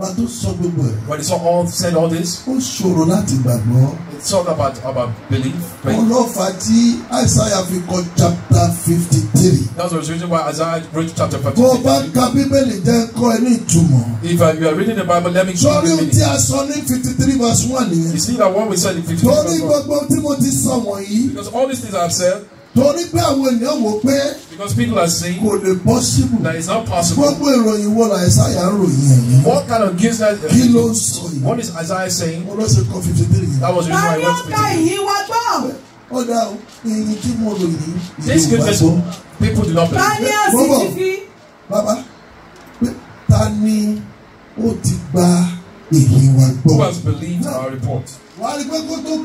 Wọ́n tó sọ gbogbo ẹ̀. When he saw all said all this. Ó ṣòro láti gbàgbọ́. He talked about about belief. Ọlọ́fà tí Isaiah fi kọ chapter fifty three. That's the reason why Isaiah wrote chapter fifty three. Bó o bá ka Bíbélì jẹ́ kọ́ ẹ ní ìtumọ̀. If uh, you are reading the Bible let me show you the meaning. Sọ́rí tí a sọ ní fifty three verse one nìyẹn. You see that one we said in fifty three verse one. Torí gbogbo tí mo ti sọ wọ̀nyí. Because all these things I have said torí pé àwọn ènìyàn wò pé. because people are saying. kò lè possible. that is not possible. gbogbo ìròyìn wo la Isaiah ń ròyìn ẹ̀yìn. what kind of gives that. Uh, kí ló ń sọ yìí. what is Isaiah saying. kan fifty three. that was the reason why I báyọ̀ ká ìyìn wa gbọ́. ó dá o ìyìn tí mo lò yìí. this good person people do not believe. báyọ̀ sì ti fi. bàbá ta ni ó ti gba èyí wa gbọ́. who has believed our report. He said pé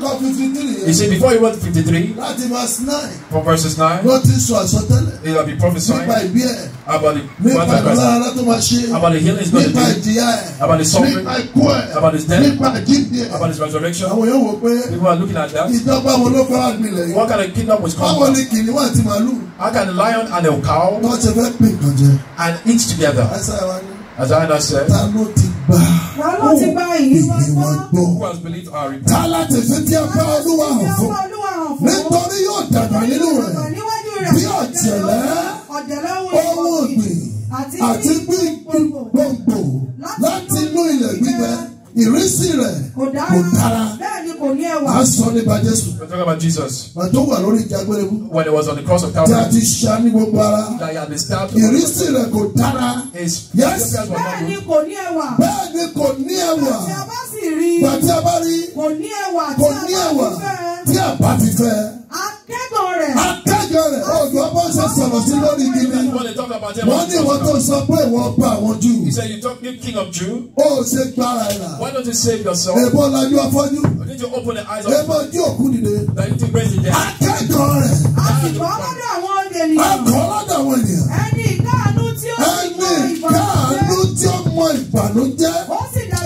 kó tó fifty three yẹn. you see before he went fifty three. láti verse nine. from verses nine. ló ti sọ àsọtẹ́lẹ̀. he had been prophesying. nípa ìbí ẹ̀. about the nípa ìlànà tó máa ṣe. about the healing spirit. nípa ìjìyà ẹ̀. about the suffering. nípa ikú ẹ̀. about his death. nípa ìjíǹde ẹ̀. about his resurrection. àwọn yóò wò pé. people are looking at that. ìjọba wo ló fara mi lẹ̀. what kind of kingdom was come. báwo ni kìnìún àti màlúù. how can a lion and a cow. wọ́n ti fẹ́ pè kànjẹ́. and eat together. ẹ sáré wá ní. As Anna said, who has believed our report? Nítorí yóò dàgbà nínú rẹ̀ bí ọ̀jẹ̀lẹ̀ ohun ọ̀gbìn àti gbígbó gbòǹgbò láti inú ilẹ̀ gbígbẹ ìrísí rẹ̀ kò dára aṣọ nípa Jésù. we are talking about Jesus. wà tó wà lórí when he was on the cross of Calvary. tí a ti ṣá ní gbogbo ara. that he had been stabbed. ìrísí rẹ̀ kò dára. his yes. bẹ́ẹ̀ ni kò ní ẹwà. bẹ́ẹ̀ ni kò ní ẹwà. bàtí a bá sì rí. bàtí a bá rí. kò ní ẹwà. kò ní ẹwà. tí a bá ti fẹ́. akẹ́kọ̀ọ́ rẹ̀. akẹ́kọ̀ọ́ rẹ̀ lọ́jọ́ rẹ̀ ọ̀gbọ́n bó ṣe sọ̀rọ̀ sí lórí gidi. wọ́n ní ìwọ tó sọ pé ìwọ bá àwọn Jew. he said you talk you king of Jew. ó ṣe gbára la. why don't you save yourself. èbó lajú afọ́jú. you need to open the eyes of. èbó ojú òkú nìde. that you take praise the dead. akẹ́kọ̀ọ́ rẹ̀. a sì kọ́ lọ́dọ̀ àwọn ènìyàn. a kọ́ lọ́dọ̀ àwọn ènìyàn. ẹni ìkáàánú tí ó mọ ìbànújẹ́. ẹni ìkáàánú tí ó mọ ìbànújẹ́. ó sì dá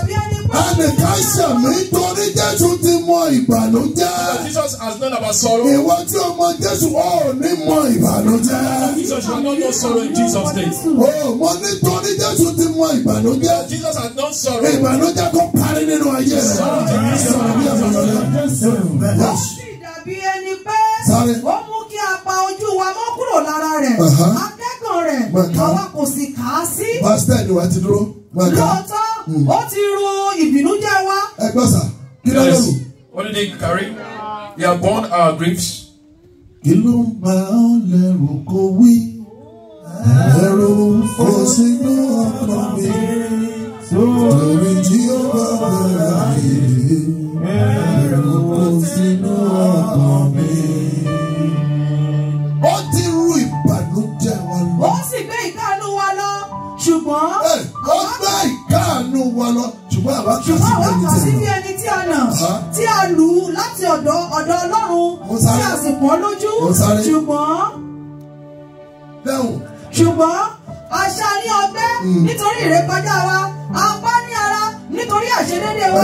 ẹnìkan ṣẹ̀mí torí Jésù ti mọ ìbànújẹ́. Jesus has known about sorrow. Ìwọ tí o mọ Jésù ò ní mọ ìbànújẹ́. Jesus has known no sorrow in Jesus' name. Jésù ti mọ ìbànújẹ́. Jesus has known sorrow. Ìbànújẹ́ kò parí nínú ayé rẹ̀. Sọ̀rọ̀ bí ẹni pé ó mú kí a ojú wa mọ́ kúrò lára rẹ̀. Uh-huh nínú rẹ̀ àwa kò sì kà á sí. verse ten ti dúró. lóòótọ́ hmm. ó ti ru ìbìnújẹ́ wa. ẹ gbọ́ sà kí ló lóru. what did they carry? they have borne our griefs. kí ló ń bá ọ lẹ́rù kó wí? ẹ̀rù kò sí ní ọ̀pọ̀ mi. torí tí ó bá bẹ̀rẹ̀ ayé ẹ̀rù kò sí ní ọ̀pọ̀ mi. ó ti sì gbé ìkáàánú wa lọ ṣùgbọ́n. ó gbé ìkáàánú wa lọ ṣùgbọ́n àwa kà sí bí ẹni tí a nà tí a lù ú láti ọ̀dọ̀ ọ̀dọ̀ ọlọ́run tí a sì pọ́n lójú ṣùgbọ́n. ṣùgbọ́n àṣà ní ọgbẹ́ hmm. nítorí ìrékọjá wa apá ní ara nítorí àṣedédé wa.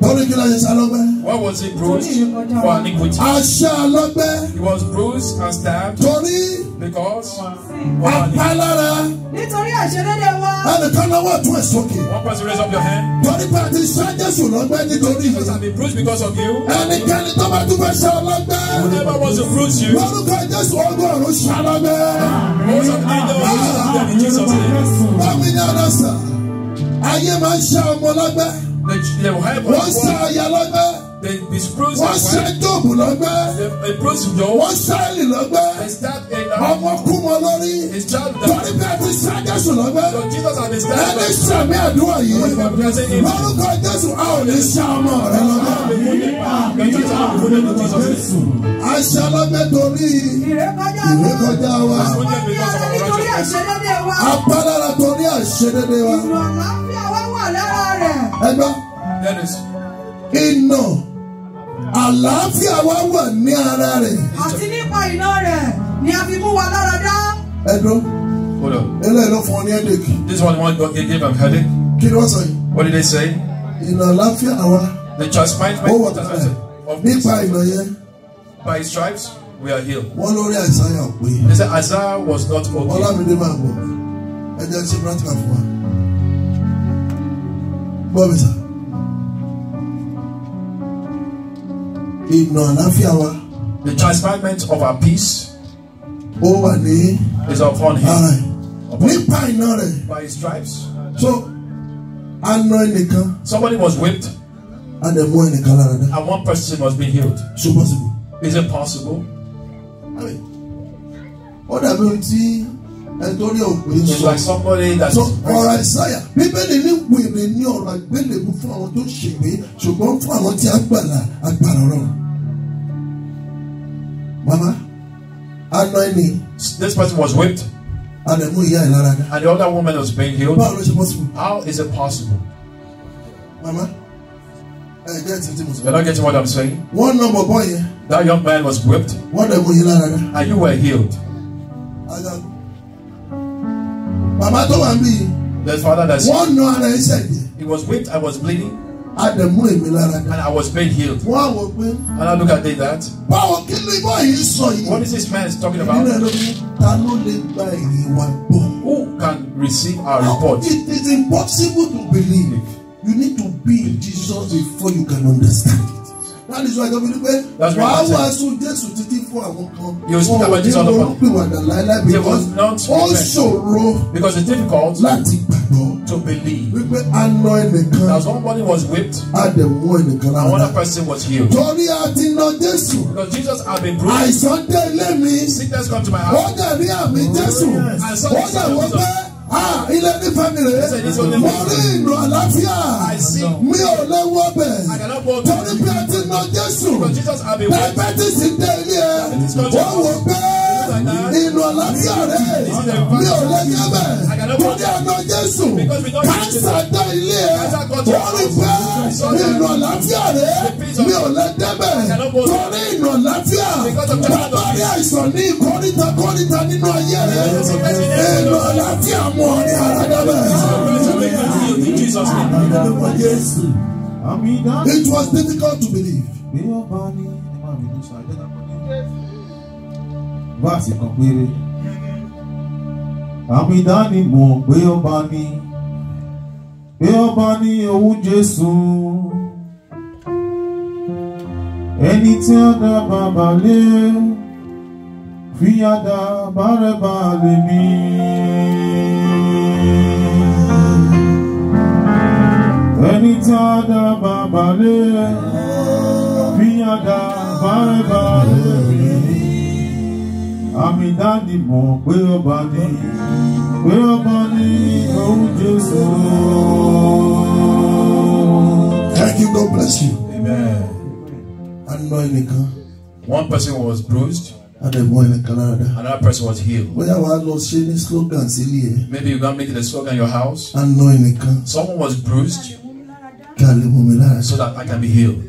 Bọ́lá ìjọba yẹn ṣe alọ́gbẹ́. Why was he bruised for iniquity? Àṣà alọ́gbẹ́. He was bruised and stabbed. Torí because apalára. nítorí àṣedédé wa. ẹnìkan náà wà tún ẹ̀ sókè. one person raise up your hand. torí pé àti sá Jésù lọ́gbẹ́ nítorí. because I be bruised because of you. ẹnikẹ́ni tó bá tún bẹ ṣe ọlọ́gbẹ́. whoever wants to bruise you. lórúkọ Jésù ọgọ́rùn-ún ṣàlọ́gbẹ́. most of the time they will use them in Jesus name. báwo ni ọ̀rọ̀ sà ayé máa ń ṣe ọmọ lọ́gbẹ́. wọ́n ṣe àyà lọ́gbẹ́. They disprove wọ́n ṣe Jóòbù lọ́gbẹ́. They approach Job. Wọ́n Sáìlì lọ́gbẹ́. They stab Adam. Ọmọ kú mọ lórí. His child died. Torí bí a ti sá Jésù lọ́gbẹ́. So Jesus and his child died. Ẹni sàmì àdúrà yìí. Lórúkọ Jésù a ò ní sá ọmọ rẹ lọ́gbẹ́. Àṣà lọ́gbẹ́ torí ìrékọjá wa. Apálára torí àṣedédé wa. Ìnà. Ìnà àlàáfíà wa wà ní ara rẹ̀. àti nípa iná rẹ̀ ni a fi mú wa lára dá. ẹ̀dùn eléyìí ló fún ọ ní headache. this one one don give am headache. kí ni wọ́n sọ yìí. what did they say. ìnà àlàáfíà àwa. the chastisement oh, of the of nípa ìnà yẹn. by his stripes we are healed. wọ́n lórí àìsàn yà pé. they say Isaiah was not okay. ọlámídé máa bọ̀ ẹ jẹ́ sí practical fún wa. gbọ́ mi sá. The chastisement of our peace is upon him. Upon by his stripes. So, somebody was whipped, and one person was being healed. Is it possible? I mean, what ẹtọ́rí òpin sọ. it's like somebody that is. so ọ̀rọ̀ àìsàyà bíbélì ní wèrè ní ọ̀rọ̀ àgbélébù fún àwọn tó ṣègbè ṣùgbọ́n fún àwọn tí agbára agbára ọ̀rọ̀. mama àná ẹni. this person was whipped. àdàmú ìyá ẹ̀ lára. and the other woman was being healed. báwo ló ṣe possible. how is it possible. mama ẹ jẹ́ ti ti you are not getting what I'm saying. one number boy that young man was whipped. wọ́n dẹ̀ mú yín lára. and you were healed. àdàmú. Bàbá tó wà níbí. The father that said. Wọ́n nà ara ẹ̀ sẹ́yìn. It was whipped, I was bleeding. Adamu èmi lára. And I was made healed. Wọ́n àwọ̀ pé. And I look at that. Báwo kí ni bọ́ yìí sọ yìí? What is this man talking about? Ìbílẹ̀ ló ní ta ló lè gba ìyè wa gbọ́. Who can receive our report? It is impossible to believe. You need to be Jesus before you can understand that is why gómìnà pé wàá wàásù jésù títí fún àwọn kan wọn ò ní lọ pè wàdà láéláé because ó ṣòro because it's difficult láti gbàgbọ́ to believe wípé a nà ẹnìkan that somebody was whipped a ẹnìkan lára and one person was healed torí a ti nà jésù because Jesus had been bruised àìsàn dé ilé mi sickness come to my house ó dẹ̀ ní àmì jésù ó dẹ̀ wọ́n pẹ́. Ah, ilé nífẹ̀ẹ́ mi rèé. Mo rí ìlú àlàáfíà. Mi ò lè wọ bẹ̀. Torí bí a ti nà Jésù. Pẹ́pẹ́ ti sì dé ilé ẹ̀. Ó wò pé inú ọlọ́sẹ̀ rẹ̀ mi ò lè débẹ̀ mo ní àná Jésù káńsà dá ilé ẹ̀ torí pé inú ọlọ́sẹ̀ rẹ̀ mi ò lè débẹ̀ torí inú ọlọ́sẹ̀ bàbá rí àìsàn ní kọ́ríta kọ́ríta nínú ayé rẹ̀ inú ọlọ́sẹ̀ mú ọ ní ara It was difficult to believe wáàsí kan péré àmì ìdánimọ̀ pé ọba ní pé ọba ní òun Jésù ẹni tí ó dá bàbá lé fìyà dá lè mí. ẹni tí ó dá bàbá lé fìyà dá lè mí àmì dáàdì mọ̀ pé ọba ní pé ọba ní òun Jésù. Thank you, God bless you. Amen. Anọ ẹnìkan. One person was bruised. Adẹ̀mọ́ ẹnìkan lára. Another person was healed. Bóyá wàá lọ ṣe ní slogan sílé ẹ. Maybe you gats make the a slogan in your house. Anọ ẹnìkan. Someone was bruised. Kí mú mi lára. So that I can be healed.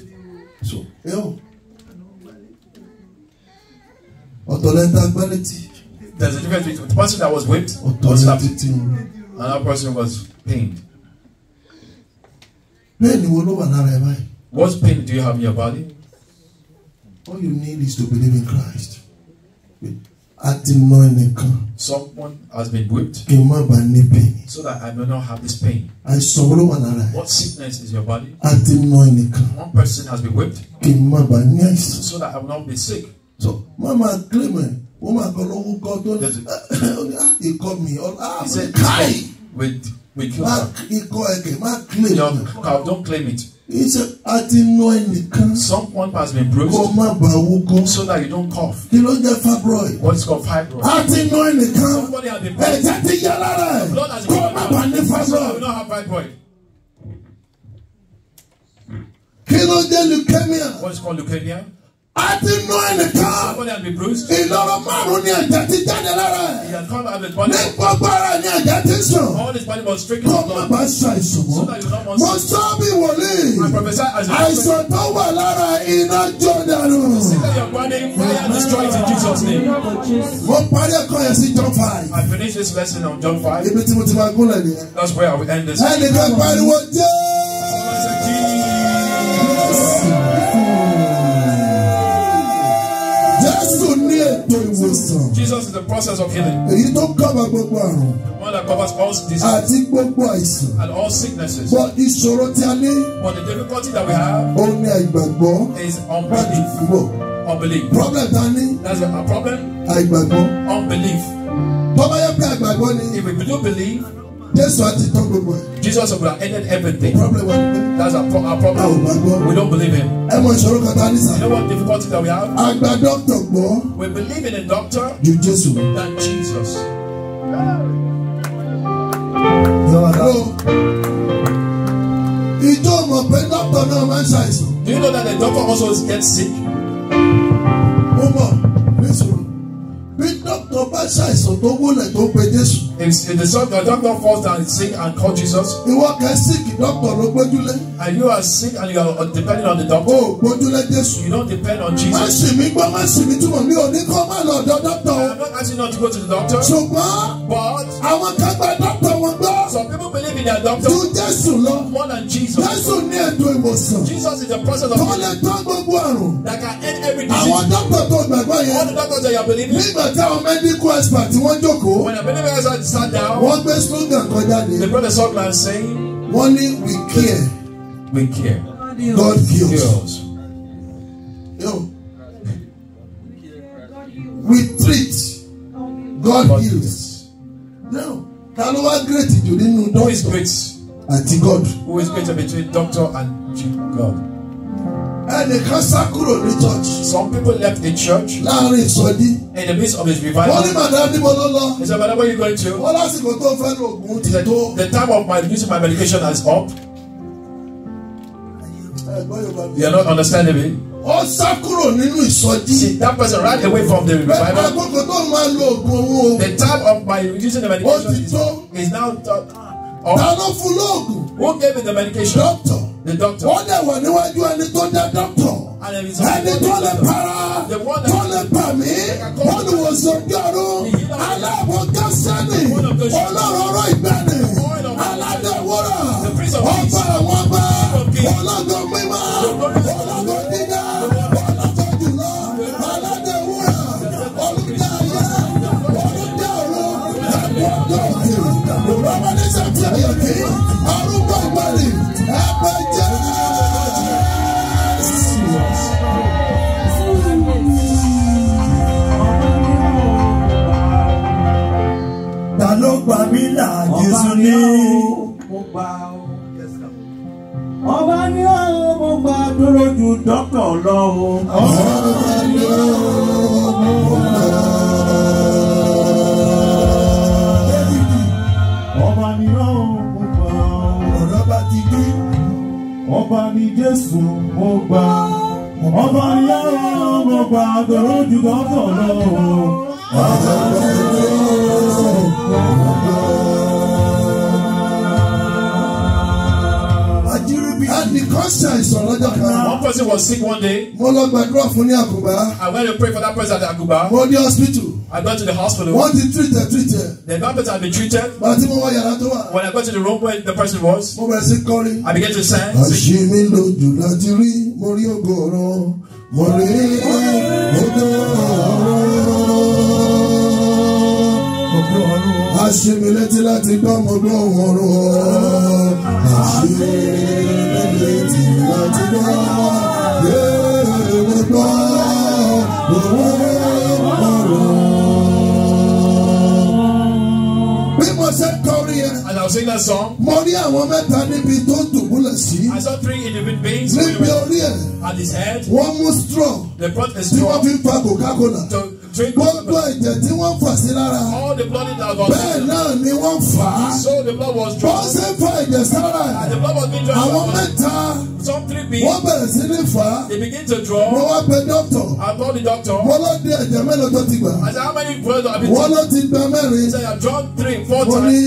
So, yóò ọ̀tọ̀ lẹ́ńtà gbẹ́lẹ́tì. There's a difference between the person that was whipped was slapped and that person was pained. Pain wo ló wà lára ẹ báyìí? What pain do you have in your body? All you need is to believe in Christ. A ti mọ ẹnìkan. Someone has been whipped. Kì í má bàa ní pain. So that I may not have this pain. Àìsàn wo ló wà lára ẹ? What sickness is your body? A ti mọ ẹnìkan. One person has been whipped. Kì í má bàa ní àìsàn. So that I will not be sick so Mama, wọ́n máa claim ẹ̀ wọ́n máa kọ́ lọ́wọ́ kọ́ tó ah, ah, ikọ̀ mi ah, káì ikọ̀ ẹ̀kẹ́ má claim it. don't claim it. It's a, a ti nọ ẹnìkan. Someone has been bruised. Kò má bà wúkọ́. So that you don't cough. Kí ló ń jẹ́ fibroid? What's called fibroid? A ti nọ ẹnìkan. Somebody has been bruised. Ẹ̀jẹ̀ ti yá lára ẹ̀. Blood has been ní fibroid. So you don't have fibroid. Kí ló ń jẹ́ leukemia? What's called leukemia? a ti nú ẹnìkan ìlọrọ márùn ní ẹ̀jẹ̀ ti jáde lára ẹ̀ ní gbogbo ara ní ẹ̀jẹ̀ ti sùn kó má bá ṣàìsàn mọ́ mo sọ bí wòlíì àìsàn tó wà lára iná jó dànù mo parí ẹ̀kọ́ yẹn sí John five ibi tí mo ti máa gúnlẹ̀ nìyẹn ẹnìkan pariwo jẹ́ sàn. Jesus is the process of healing. èyí tó kábà gbogbo àrùn. the one that covers all diseases. àti gbogbo àìsàn. and all sicknesses. but ìṣòro tí a ní. but the difficulty that we have. ó ní àìgbàgbọ́. is unbelief. unbelief. problem ta ni. that's the problem. àìgbàgbọ́. unbelief. tó bá yẹ pé àìgbàgbọ́ ni. if we do believe. Jésù àti tán gbogbo Jesus would have ended everything. Problem That's our, pro- our problem. we don't believe him. You know what difficulty that we have? Àgbà doctor We believe in a doctor. Ju Jésù. that, Jesus. Ìjọ mọ̀ pé dọ́kítọ̀ náà máa ń ṣàìsàn. Do you know that the doctor also gets sick? Ó mọ̀ tó bá ṣàìsàn tó wólẹ̀ tó pe Jésù. If the doctor, the doctor falls down and sick and call Jesus. Ìwọ kẹ́ sick doctor ló gbójúlé. And you are sick and you are depending on the doctor. O gbójúlé Jésù. You don't depend on Jesus. Má sì mí gbọ́ má sì mí túmọ̀ mi ò ní kọ́ má lọ ọ̀dọ̀ doctor. I am not asking you not to go to the doctor. Ṣùgbọ́n àwọn kan gba doctor wọn gbọ́. Some people believe in their doctor. ju Jésù lọ. more than Jesus. Jesus is the process of. tó lè gbogbo àrùn. that can end every disease. àwọn dọ́kítọ̀ tó gbàgbọ́ yẹn. all the doctors that you are believing. nígbà táwọn medical experts wọ́n jókòó. when the medical experts sat down. wọ́n gbé slogan kan jáde. the brother slogan saying. wọ́n ní we care. we care. God heals. heals. Yo. We treat. God heals. No ta ló wá great jù nínú doctor. who is great. àti God. who is greater between doctor and God. ẹnìkan sá kúrò ní church. some people left the church. láàrin ìsọjí. in the midst of his revival. wọ́n ní madam níbo ló lọ. he said madam you going to. wọ́n lásìkò tó fẹ́ lo oògùn ti tó. the time of my using my medication has up. you are not understanding me ó sá kúrò nínú ìsọjí. see that person ran away from the revival. bẹ́ẹ̀ àkókò tó máa lo oògùn owó. the time of my reducing the medication is, is now talk. ta ló fún lóògùn. who gave me the medication. doctor. the doctor. wọ́n dẹ̀ wà níwájú ẹni tó jẹ́ doctor. ẹni tó lè para tó lè bà mí olùwòsàn bí ọdún aláàbò kásánì ọlọ́run ọ̀rọ̀ ìgbàanì aládàwòrán ọba àwọn ọba ọlọ́dún mímọ́ ọlọ́dún. gbà mí là Jésù ní. Ọba ní ọ̀hún mo gbà dúró ju dọ́kítà lọ o. Ọba ní ọ̀hún mo gbà. Ọba ní ọ̀hún mo gbà. Ọba ní Jésù mo gbà. Ọba ní ọ̀hún mo gbà dúró ju dọ́kítà lọ o. Ọba ní ọ̀hún mo gbà. Christian sọ̀rọ̀ lọ́jọ́ kan. One person was sick one day. I went to pray for that person at Aguba. I went to the hospital. One, ti treat ẹ̀ treat ẹ̀. The doctor had been treated. Bàbá When I got to the room where the person was. I began to sing. Àṣìmí lòdù láti rí, mo rí ògo ọ̀rọ̀, mo ṣe mí létí láti gbọ́ mo gbọ́ òun ọ̀rọ̀ ọ̀ ṣe mí létí láti gbọ́ mo gbọ́ òun ọ̀rọ̀. bí mo ṣe kọrin yẹn. and I was singing that song. mo rí àwọn mẹ́ta níbi tó dùbúlẹ̀ sí. I saw three individual beings. níbi orí ẹ̀. at his head. One mú strong. The brought a straw. tí wọ́n fi fa coca-cola gbogbo ẹ̀jẹ̀ tí wọ́n fà sí lára bẹ́ẹ̀ náà ni wọ́n fà á wọ́n ṣe fa ẹ̀jẹ̀ sára àwọn mẹ́ta wọ́n bẹ̀rẹ̀ sí ní fà á wọ́n wá pe dọ́kítọ̀ wọ́n ló di ẹ̀jẹ̀ mélòó tó ti gbà wọ́n ló ti gba mẹ́rin wọ́n ní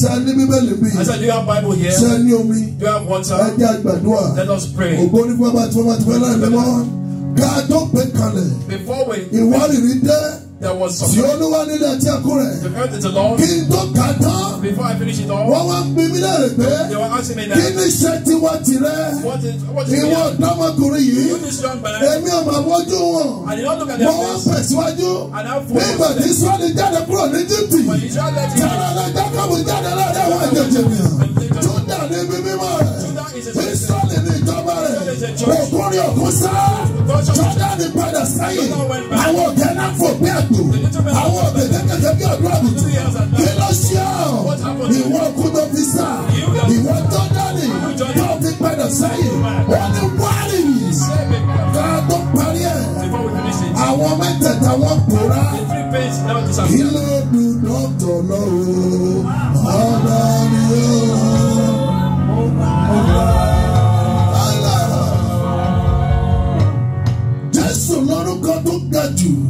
ṣe ní bíbélì mi ṣe ní omi ẹ jẹ́ àgbàdo à ògbóni fún ọba tí wọ́n bá ti fẹ́ láì mímọ́ káàtó gbé kalẹ̀. ìwárìrì dé. tí olúwa nílé ẹtí ẹkú rẹ̀. kí n tó kà tán. wọ́n wá ń bí mi lẹ́rìí pé kí ni iṣẹ́ tiwa tirẹ̀. ìwọ ọ̀dọ́mọkùnrin yìí èmi ò máa wọ́jú wọn. wọ́n wá pẹ̀síwájú. nígbà tí sọ́ọ̀lì jáde kúrò ní jíìpì. tẹ̀lé ọ̀la jákàbù jáde lọ́dẹ̀ wọ́n jẹjẹrẹ. tó dà ní bíbí mọ́ rẹ̀. Kristiani ni ìjọba rẹ̀, òkun ni òkun sá, Jọ́dánì padà sẹ́yìn, àwọn òkè náà fò bí àgbò, àwọn òkè kẹ́kẹ́ bí ọ̀dọ́ àgùntàn, kí ló ṣe ọ́? Ìwọ òkun tó fi sá, ìwọ Jọ́dánì tó fi padà sẹ́yìn, ó ní wárì ká tó parí ẹ̀, àwọn mẹ́tẹ̀ẹ̀ta wọ́n pòórá, kí ló dùn lọ́tọ̀ lọ́rùn, ọ̀dọ́ ni ó.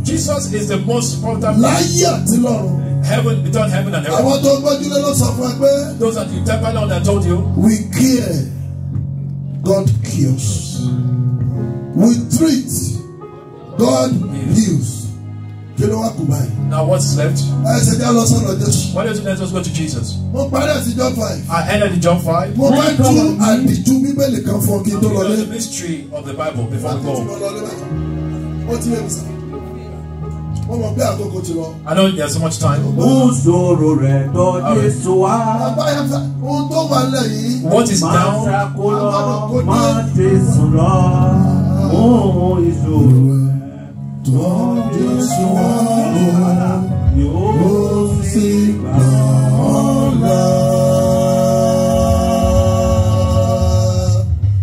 Jesus is the most important. Láyé the lọ́run. Heaven between heaven and heaven. Those that you tempered on I told you. We care, God cures. We treat, God heals. kí ló wá kù báyìí. now what is left. ẹ ṣe jẹ́ lọ sọ̀rọ̀ Jésù. why don't you let us go to Jesus. mo parí àti John five. I ended in John five. mo fẹ́ tú àdìjú bíbélì kan fún ọ kí n tó lọ the mystery of the Bible before we go. ó ti yẹ mi sọ. mo mọ̀ pé àkókò ti lọ. I know there's so much time. ó rẹ̀ tọ́ Jésù wá. àbáyọ fẹ́ ohun tó wà lẹ́yìn. what is down. máa ń sakó lọ máa ń tẹ̀sùn lọ. ó ìṣòro rẹ̀. Ton Dieu soit nous aussi en là.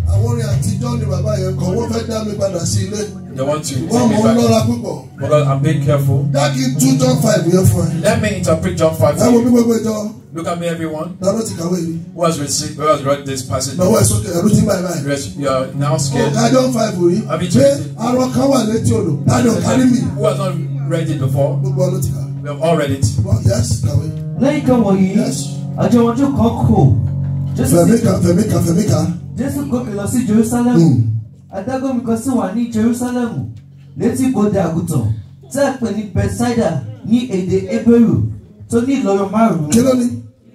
Àwọn orin àtijọ́ ni bàbá yẹn kọ́, wọ́n fẹ́ dá mi padà sí ilé. Wọ́n mọ̀ ń lọ́ra púpọ̀. Because I'm being careful. Dákì tú John five we fún ẹ. Let me interpret John five. Ẹ wo mi gbogbo ìjọ. Look at me everyone. Dáná ti kàwé yìí. Who has received who has read this passage? Lọ́wọ́ ẹ̀ sókè ẹ̀rú ti báyìí báyìí. Yes, you are now oh, scared. Ọ̀gá John five rí. Have you checked it? Pé arọ kan wà létí odò. Dájọ́ kárí mi. Who has not read it before? Gbogbo ọ̀nà ti kà. We have all read it. Well, yes, kàwé. Lẹ́yìn kan wọ̀nyí. Yes. Àjọ wọn tó kọ́ kò. Fẹ̀mí kan, fẹ̀mí Jésù gòkè lọ sí Jerusalem. Hmm. Adágún mi kan sì wà ní Jerusalem létíbodè àgùntàn tí a ní bethsaida ní èdè Hébérù tó ní ìloro márùn-ún. kí ló ní.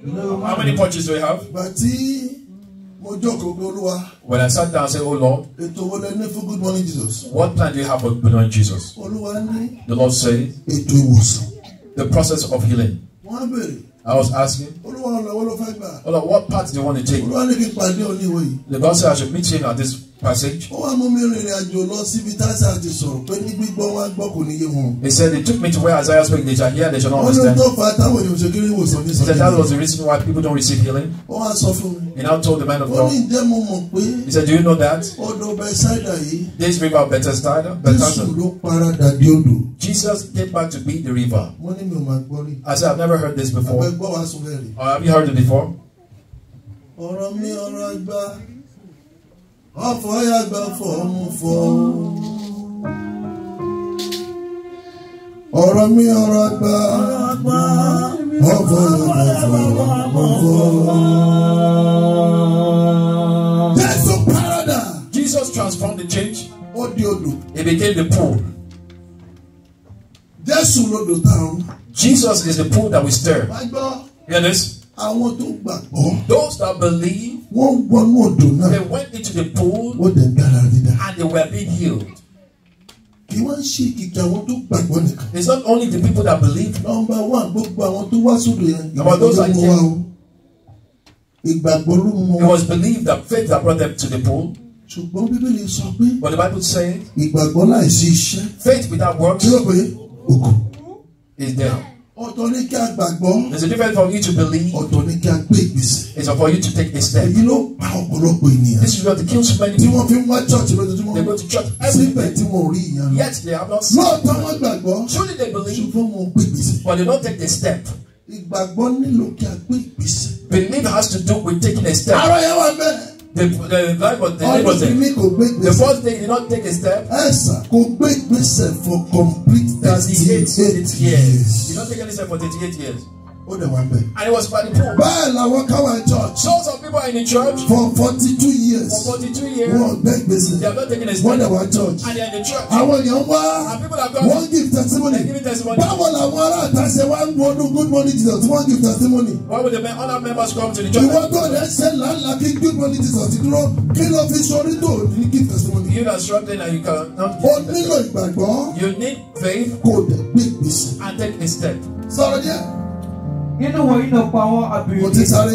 ìloro márùn-ún. how many punches do you have. bàtí mo jókòó gbé when I sat down I said oh Lord. ètò wo lẹ ní fún good morning Jesus. what plan do you have for good morning Jesus. olúwa ní. the Lord said. ètò ìwòsàn. the process of healing. wọ́n béèrè. I was asking. Olúwa ọ̀nà wo ló fẹ́ gbà. Olúwa what part do you want to take? Olúwa ní kí n pàdé òní ìwòyí. The God said I should meet him at this passage. ó wá mú mi rìnrìn àjò lọ síbi táṣà ti sọ̀rọ̀ pé ní gbígbọ́ wá gbọ́ kò ní yé he said they took me to where Isaiah spoke they shall hear they shall not understand. wọ́n ní tọ́pọ̀ àtàwọn ènìyàn ṣe kiri ìwòsàn ní sọ́dọ̀. he said that was the reason why people don't receive healing. ó wá sọ fún mi. he now told the man of God. ó ní ǹjẹ́ mo mọ̀ pé. he said do you know that. odò Bethesda yìí. this river Bethesda. Bethesda. Jésù ló paradà dé odò. Jesus came back to be the river. mo ní mi ò máa gbọ́ rí. I said I've never heard this before. àbẹ̀gbọ́ wa sùn bẹ́ẹ̀ rí. have you heard it before? ọ̀rọ̀ mi ọ̀rọ̀ àgbà. ọ̀fọ̀yàgbà fọ̀mù fọ̀. ọ̀rọ̀ mi ọ̀rọ̀ àgbà ọ̀fọ̀yàgbà fọ̀mù fọ̀. Jésù parada. Jesus transformed the church. Ó di odò. He became the pool. Jésù lodò táwọn. Jesus is the pool that we stir. Wá gbọ́. Hear this. I want tó Those that believe. wọ́n wọnú odò náà. they went into the pool. wọ́n dẹ̀ dára dídá. and they were being healed. kì í wá ṣe ìgbà àwọn tó gbàgbọ́ nìkan. it's not only the people that believe. number one gbogbo àwọn tó wá sódò yẹn. number those are the ìgbàgbọ́ ló mú wọn. it was believed that faith that brought them to the pool. ṣùgbọ́n bíbélì sọ pé. but the bible say. ìgbàgbọ́ láìsí iṣẹ́. faith without works. kí ló pé òkú. is there ọ̀tọ̀ ni kí a difference for you to believe. ọ̀tọ̀ ni kí it's for you to take a step. èyí ló pa ọ̀pọ̀lọpọ̀ ènìyàn. this is what kills many people. tí wọ́n fi wá church lójoojúmọ́. they go to church every day. síbẹ̀ tí wọ́n rí ìyanu. yet they have not seen. lóòótọ́ wọn gbàgbọ́. truly they believe. ṣùgbọ́n wọn gbé ìgbésẹ̀. but they don't take the step. ìgbàgbọ́ nílò kí a gbé belief has to do with taking a step. ara yẹn wà bẹ́ẹ̀. The, the, the, the, neighbor said, the first day he did not take a step. Ẹ̀sà kò gbé ìgbésẹ̀ for complete thirty-eight years. He did not take any step for thirty-eight years ó dẹ̀ wá ń bẹ̀. and he was by the pool. bẹ́ẹ̀ làwọn káwọn church. so some people are in the church. for forty two years. for forty two years. wọn gbẹ gbèsè. they are not taking a step. wọ́n dẹ̀ wá church. and they are in the church. àwọn èèyàn wá. and people are gone. wọ́n give testimony. they give testimony. báwo làwọn ará àtàṣe wá ń wọnú good morning Jesus wọ́n give testimony. why would the other members come to the church. ìwọ tó rẹ ṣe làálàá kí good morning Jesus ti dúró kí ló fi sọrí tó ní give testimony. you are struggling and you can not give. o nílò ìgbàgbọ́. you need faith. kò dẹ̀ gbé gbèsè. and take a step. sọ̀rọ̀ díẹ̀ nínú wọ̀nyí náà pa àwọn àbèrè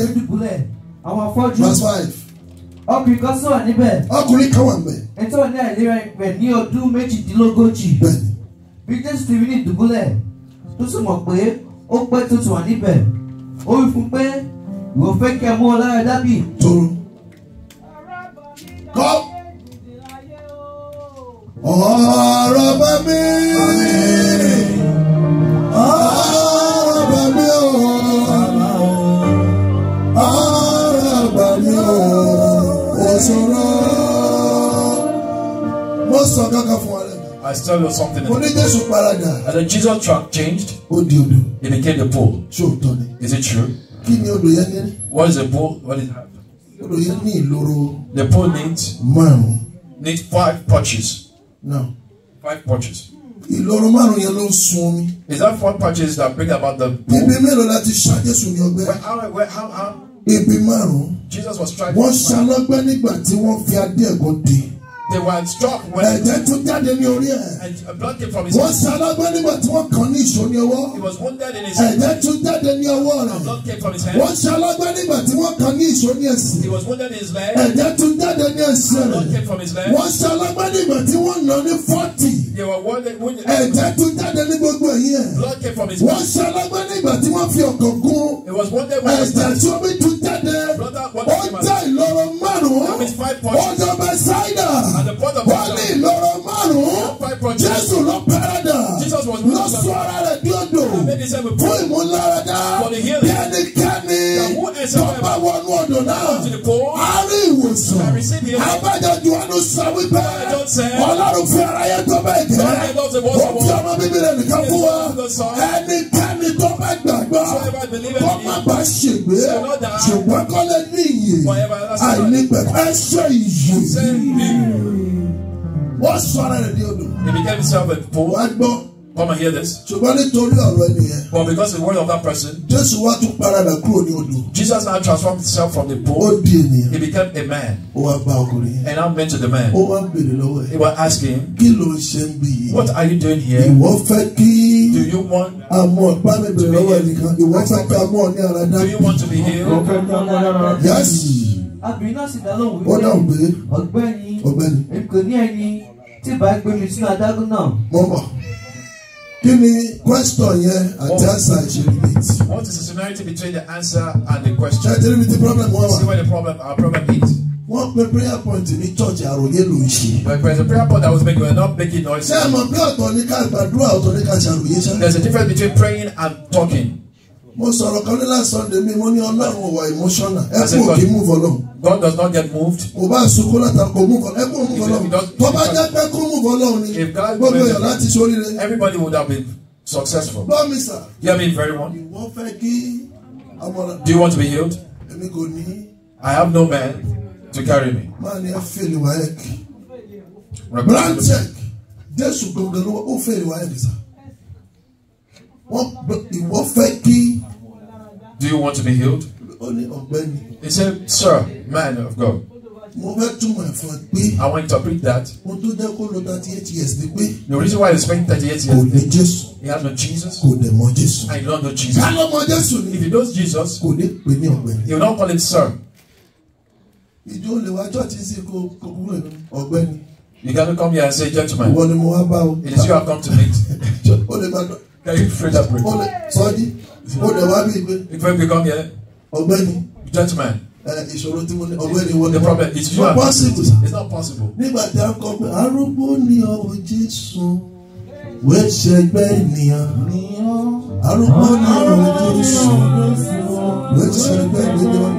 ìdúgbòlẹ̀ àwọn afọ́jú. five. ọkùnrin kan sọ̀rọ̀ níbẹ̀. ọkùnrin kan wà mẹ́. ẹni tó wà ní àìlera rẹ̀ ní ọdún méjìdínlógójì. bẹ́ẹ̀ni. bí jésù ti rí ní ìdúgbòlẹ̀ tó sì mọ̀ pé ó pẹ́ tó ti wà níbẹ̀ ó wí fún pé ìwọ fẹ́ kí ẹ mú ọ lára dábì. toro. kọ́. ọ̀rọ̀ bá mi. I tell you something. Mo ní Jésù paradà. And then Jesus changed. He became the pool. Ṣé òótọ́ Is it true? What is the pool? What is that? The pool needs. Márùn-ún. Needs five patches. No. Five patches. Ìloro márùn-ún yẹn ló ń sun omi. Is that four patches that bring about the pool? Ibi mélòó láti ṣá Jésù ní ọgbẹ́? Where how where how how? Ibi márùn Jesus was trying to. Wọ́n ṣalọ́gbẹ́ nígbà tí wọ́n fi adé ẹ̀gọ́ dé. They were struck when. Ẹ̀jẹ̀ tún jáde ní orí ẹ̀. And blood came from his. Wọ́n ṣe alágbé nígbà tí wọ́n kàn ní ìṣó ní ọwọ́. He was wounded in his hand. Ẹ̀jẹ̀ tún jáde ní ọwọ́ rẹ̀. And blood came from his hand. Wọ́n ṣe alágbé nígbà tí wọ́n kàn ní ìṣó ní ẹ̀sìn. He was wounded in his leg. Ẹ̀jẹ̀ tún jáde ní ẹsẹ̀ rẹ̀. And blood came from his leg. Wọ́n ṣe alágbé nígbà tí wọ́n nà ní forty. They were wounded wounded. Ẹ̀jẹ̀ tún jáde ní gbogbo ẹ̀yìn ẹ̀. Blood came from his leg. Wọ́n ṣe alágbé nígbà tí wọ́n fi ọ̀kọ̀ gún. He was wounded when he jáde ó jẹ́ ìloro márùn-ún ó jẹ́ mẹ́sáìdà ó ní ìloro márùn-ún Jésù ló pẹ́rẹ́dà ló sọ ara rẹ̀ bí odò fún ìmúláradá bí ẹnikẹ́ni tó bá wọnú odò náà á rí ìwòsàn abájọ́jú ọdún sọ wípé ọlọ́run fi ara yẹn tó bẹ́ẹ̀ jẹ́ ó fi ọmọ bíbí rẹ̀ nìkan fún wa ẹnikẹ́ni tó bá gbẹ gbọ́ kó má bá ṣègbé ṣùgbọ́n kó lè ní iyì àìnígbẹ̀kẹ́ ẹ̀ṣọ́ iyì. wọ́n sọ ara rẹ̀ ní odò. wọ́n gbọ́. Come and hear this. Ṣùgbọ́n nítorí ọ̀rọ̀ ẹni yẹn. But because the word of that person. Jésù wá tún paradà kúrò ní odò. Jesus now transformed himself from the pool. Ó di ènìyàn. He became a man. Ó wá bá ọkùnrin yẹn. And now went to the man. Ó wá ń lọ́wọ́ ẹ̀. He was asking. Kí ló ń ṣe ń bí yìí? What are you doing here? Ìwọ fẹ́ kí. Do you want. Àmọ́ ọ̀pá mi béèrè lọ́wọ́ ẹnìkan. Ìwọ fẹ́ kí amọ́ ní ara dá. Do you want to be healed? Ìwọ fẹ́ náà sì dá lóhùn Ó dáhùn Kí ni question yẹn àti oh. answer ṣe relate? What is the similarity between the answer and the question? Ẹ tẹ́lẹ̀ mi ti problem wọ́n wà. See where the problem our problem is. Wọ́n pe prayer point ní church àròyé ló ń ṣe. But there a prayer point that was making were not making noise. Ṣé ẹ mọ̀ ọ̀tọ̀ ní ká gbàdúrà ọ̀tọ̀ ní ká ṣàròyé ṣá? There is a difference between praying and talking. Mo sọ̀rọ̀ kan ní last Sunday mi, mo ní Ọlọ́run wà emotional. Ẹ kú òkè move on. God does not get moved. Mo bá sunkún látàkùn move on. Ẹ kú òmùgọ̀ náà. Tọ́ bá jẹ́ pé move ọlọ́run ni everybody would have been successful. gbọ́ mi sà. hear very one. do you want to be healed. I have no man to carry me. máa ní ẹ fèlè wá ẹ kì. branchek jésù gbọ̀ngàn ó fèlè wá ẹ kì sà. ìwọ fẹ́ kí. do you want to be healed. ó he said sir man of God. mo fẹ́ túmọ̀ ẹ̀ fún I want to interpret that. mo tó jẹ́ kó lọ thirty eight years ni pé. the reason why he spent thirty eight years. kò ní Jésù. he has no Jesus. kò dẹ̀ mọ̀ Jésù. I don't know Jesus. ká ló mọ̀ Jésù ni. if he knows Jesus. kò ní pè ní ọ̀gbẹ́ni. he will not call him sir. ìjọ lè wá church sí kó kó kúrò ọ̀gbẹ́ni. You cannot come here and say judgment. Wọ́n ni mo wá bá o. It is you have come to meet. O lè gbàdọ̀. Can you pray that prayer? O lè sọ́ọ́dí. O lè wá bí ìgbé. If you come here. Ọ̀gbẹ́ni. gentleman. Eh, ìṣòro tí mo ní ọgbẹ́ ni wọ́n ní wọ́n it's not possible nígbà tí a ń kọ́ pé arúgbó ni ọ̀hún Jésù wẹ́ẹ́ ṣẹgbẹ́ ènìyàn arúgbó ni ọ̀hún Jésù wẹ́ẹ́ ṣẹgbẹ́ ènìyàn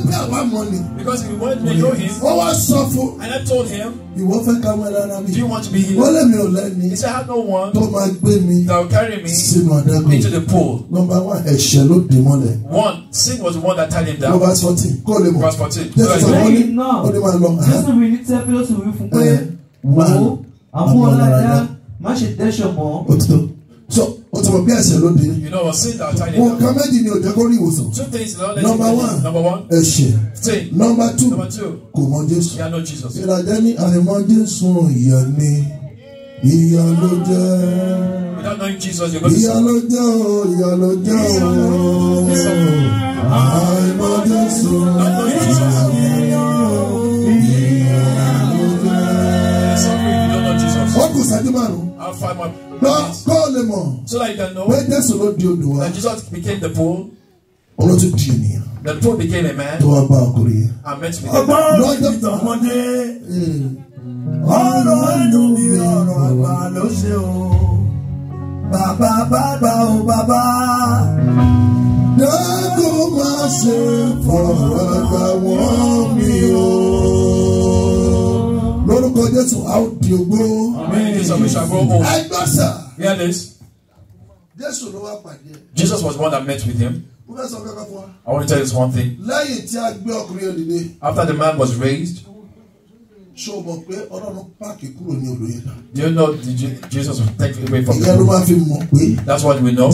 spare one money. because we won't know him. ó wá sọ and I told him. You fẹ́ ká wẹ́n lára me. do you want to be healed. let me mi ò lẹ́ni. he said I have no one. Don't mind, gbé me. that will carry me. sínú into the pool. number one ẹ̀ṣẹ̀ ló dì mọ́lẹ̀. one sin was the one that tied him down. number fourteen kó lè verse fourteen. jésù sọ wọ́n ní wọ́n ní máa lọ. jésù mi ní tẹ́pẹ́lọ́sì wí fún pé. wọ́n àwọn ọlọ́dà má ṣe dẹ́ṣọ̀ mọ́ so o ti mọ bí ẹsẹ ló dé. you know I méjì ni òjẹ́ kó ìwòsàn. two things na let number one number one ẹ̀ṣẹ̀ number two kò mọ Jésù. ìrajẹ́ ní àrẹ̀mọ Jésù ìyà ni ìyà ló jẹ́. ìyà ló jẹ́ o ìyà ló jẹ́ o àrẹ̀mọ Jésù ìyà ni ìyà ló kù sẹ́jú márùn kọ́ ọ lè mọ̀ pé Jésù ló di odò wa. Olótú di ènìyàn. The poor became a man. Tó wá bá ọkùnrin yẹn. I met with him. Ọgbà ọ̀rọ̀ ìtọ́mọdé. Ọ̀rọ̀ ẹnu mi ọ̀rọ̀ àgbà ló ṣe o. Bàbá bàbá o bàbá. Dágò máa ṣe fọ̀rọ̀ àgbà mi o orúkọ Jésù a ó di ogbó. ẹgbẹ́ Hear this. Jésù ló wá pàdé. Jesus was the one that met with him. I want to tell you one thing. After the man was raised, do you know Jesus was taken away from the pool? That's what we know.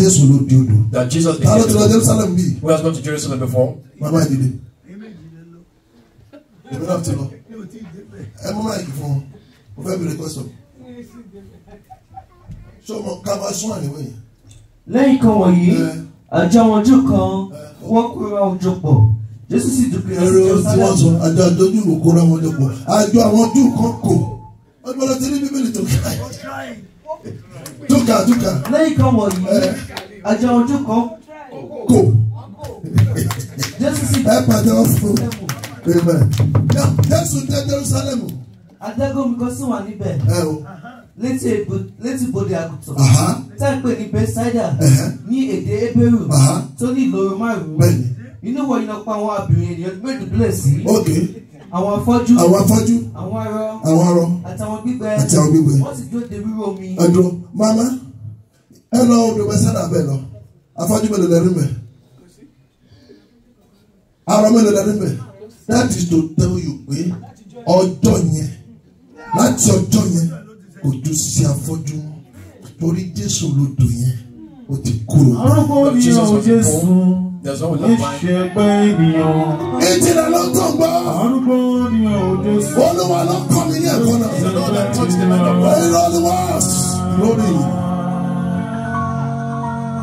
That Jesus became Who has gone to Jerusalem before? Amen ẹ mú máìkì fún un mo fẹ́ bèrè kọ́sọ̀ ṣé mo ká bá sún àníwò yẹn. lẹ́yìn kan wọ̀nyí àjọ àwọn ojú kan wọ́n kóra ojú pọ̀ jésù sì dúpẹ́ sí jerusalem. ẹ̀rọ tí wọ́n àjọ àjọjú ìwò kóra wọn jọ pọ̀ àjọ àwọn ojú kan kò ọdún ọlọ́tí ní bíbélì tó ká túkà túkà. lẹ́yìn kan wọ̀nyí àjọ ojú kan kò jésù sì dúpẹ́ sí jerusalem. Amen. Jésù dé Jerusalem. Adágún mi kan sì wà níbẹ̀. Ẹ o. Létí bodè àgùntàn. Tá ń pè ní Bethsaida ní èdè Hébérù tó ní ìloro márùn-ún. Inú wọ̀nyí lọ pa àwọn abìnrin ènìyàn méjìdínlẹ̀ sí. Àwọn afọ́jú. Àwọn afọ́jú. Àwọn arọ. Àwọn arọ. Àtàwọn gbígbẹ. Àtàwọn gbígbẹ. Wọ́n sì dúró de rírú omi. Ẹ̀dùn mama ẹ lọ odò Bethsaida bẹ́ẹ̀ lọ afọ́jú mélòó lẹ́rìí mẹ́. Arọ mélòó lẹ́rìí mẹ́ that is to tell you pé ọjọ́ yẹn láti ọjọ́ yẹn ojú sí afọ́jú torí Jésù lodò yẹn ó ti kúrò. arúgbó ni ọ̀ Jésù ìṣẹ̀pẹ̀ ènìyàn. ètí rẹ̀ ló tó gbọ́. arúgbó ni ọ̀ Jésù. Olúwa ló kọ́ mi ní ẹ̀kọ́ náà. ìrọ̀lùwà lórí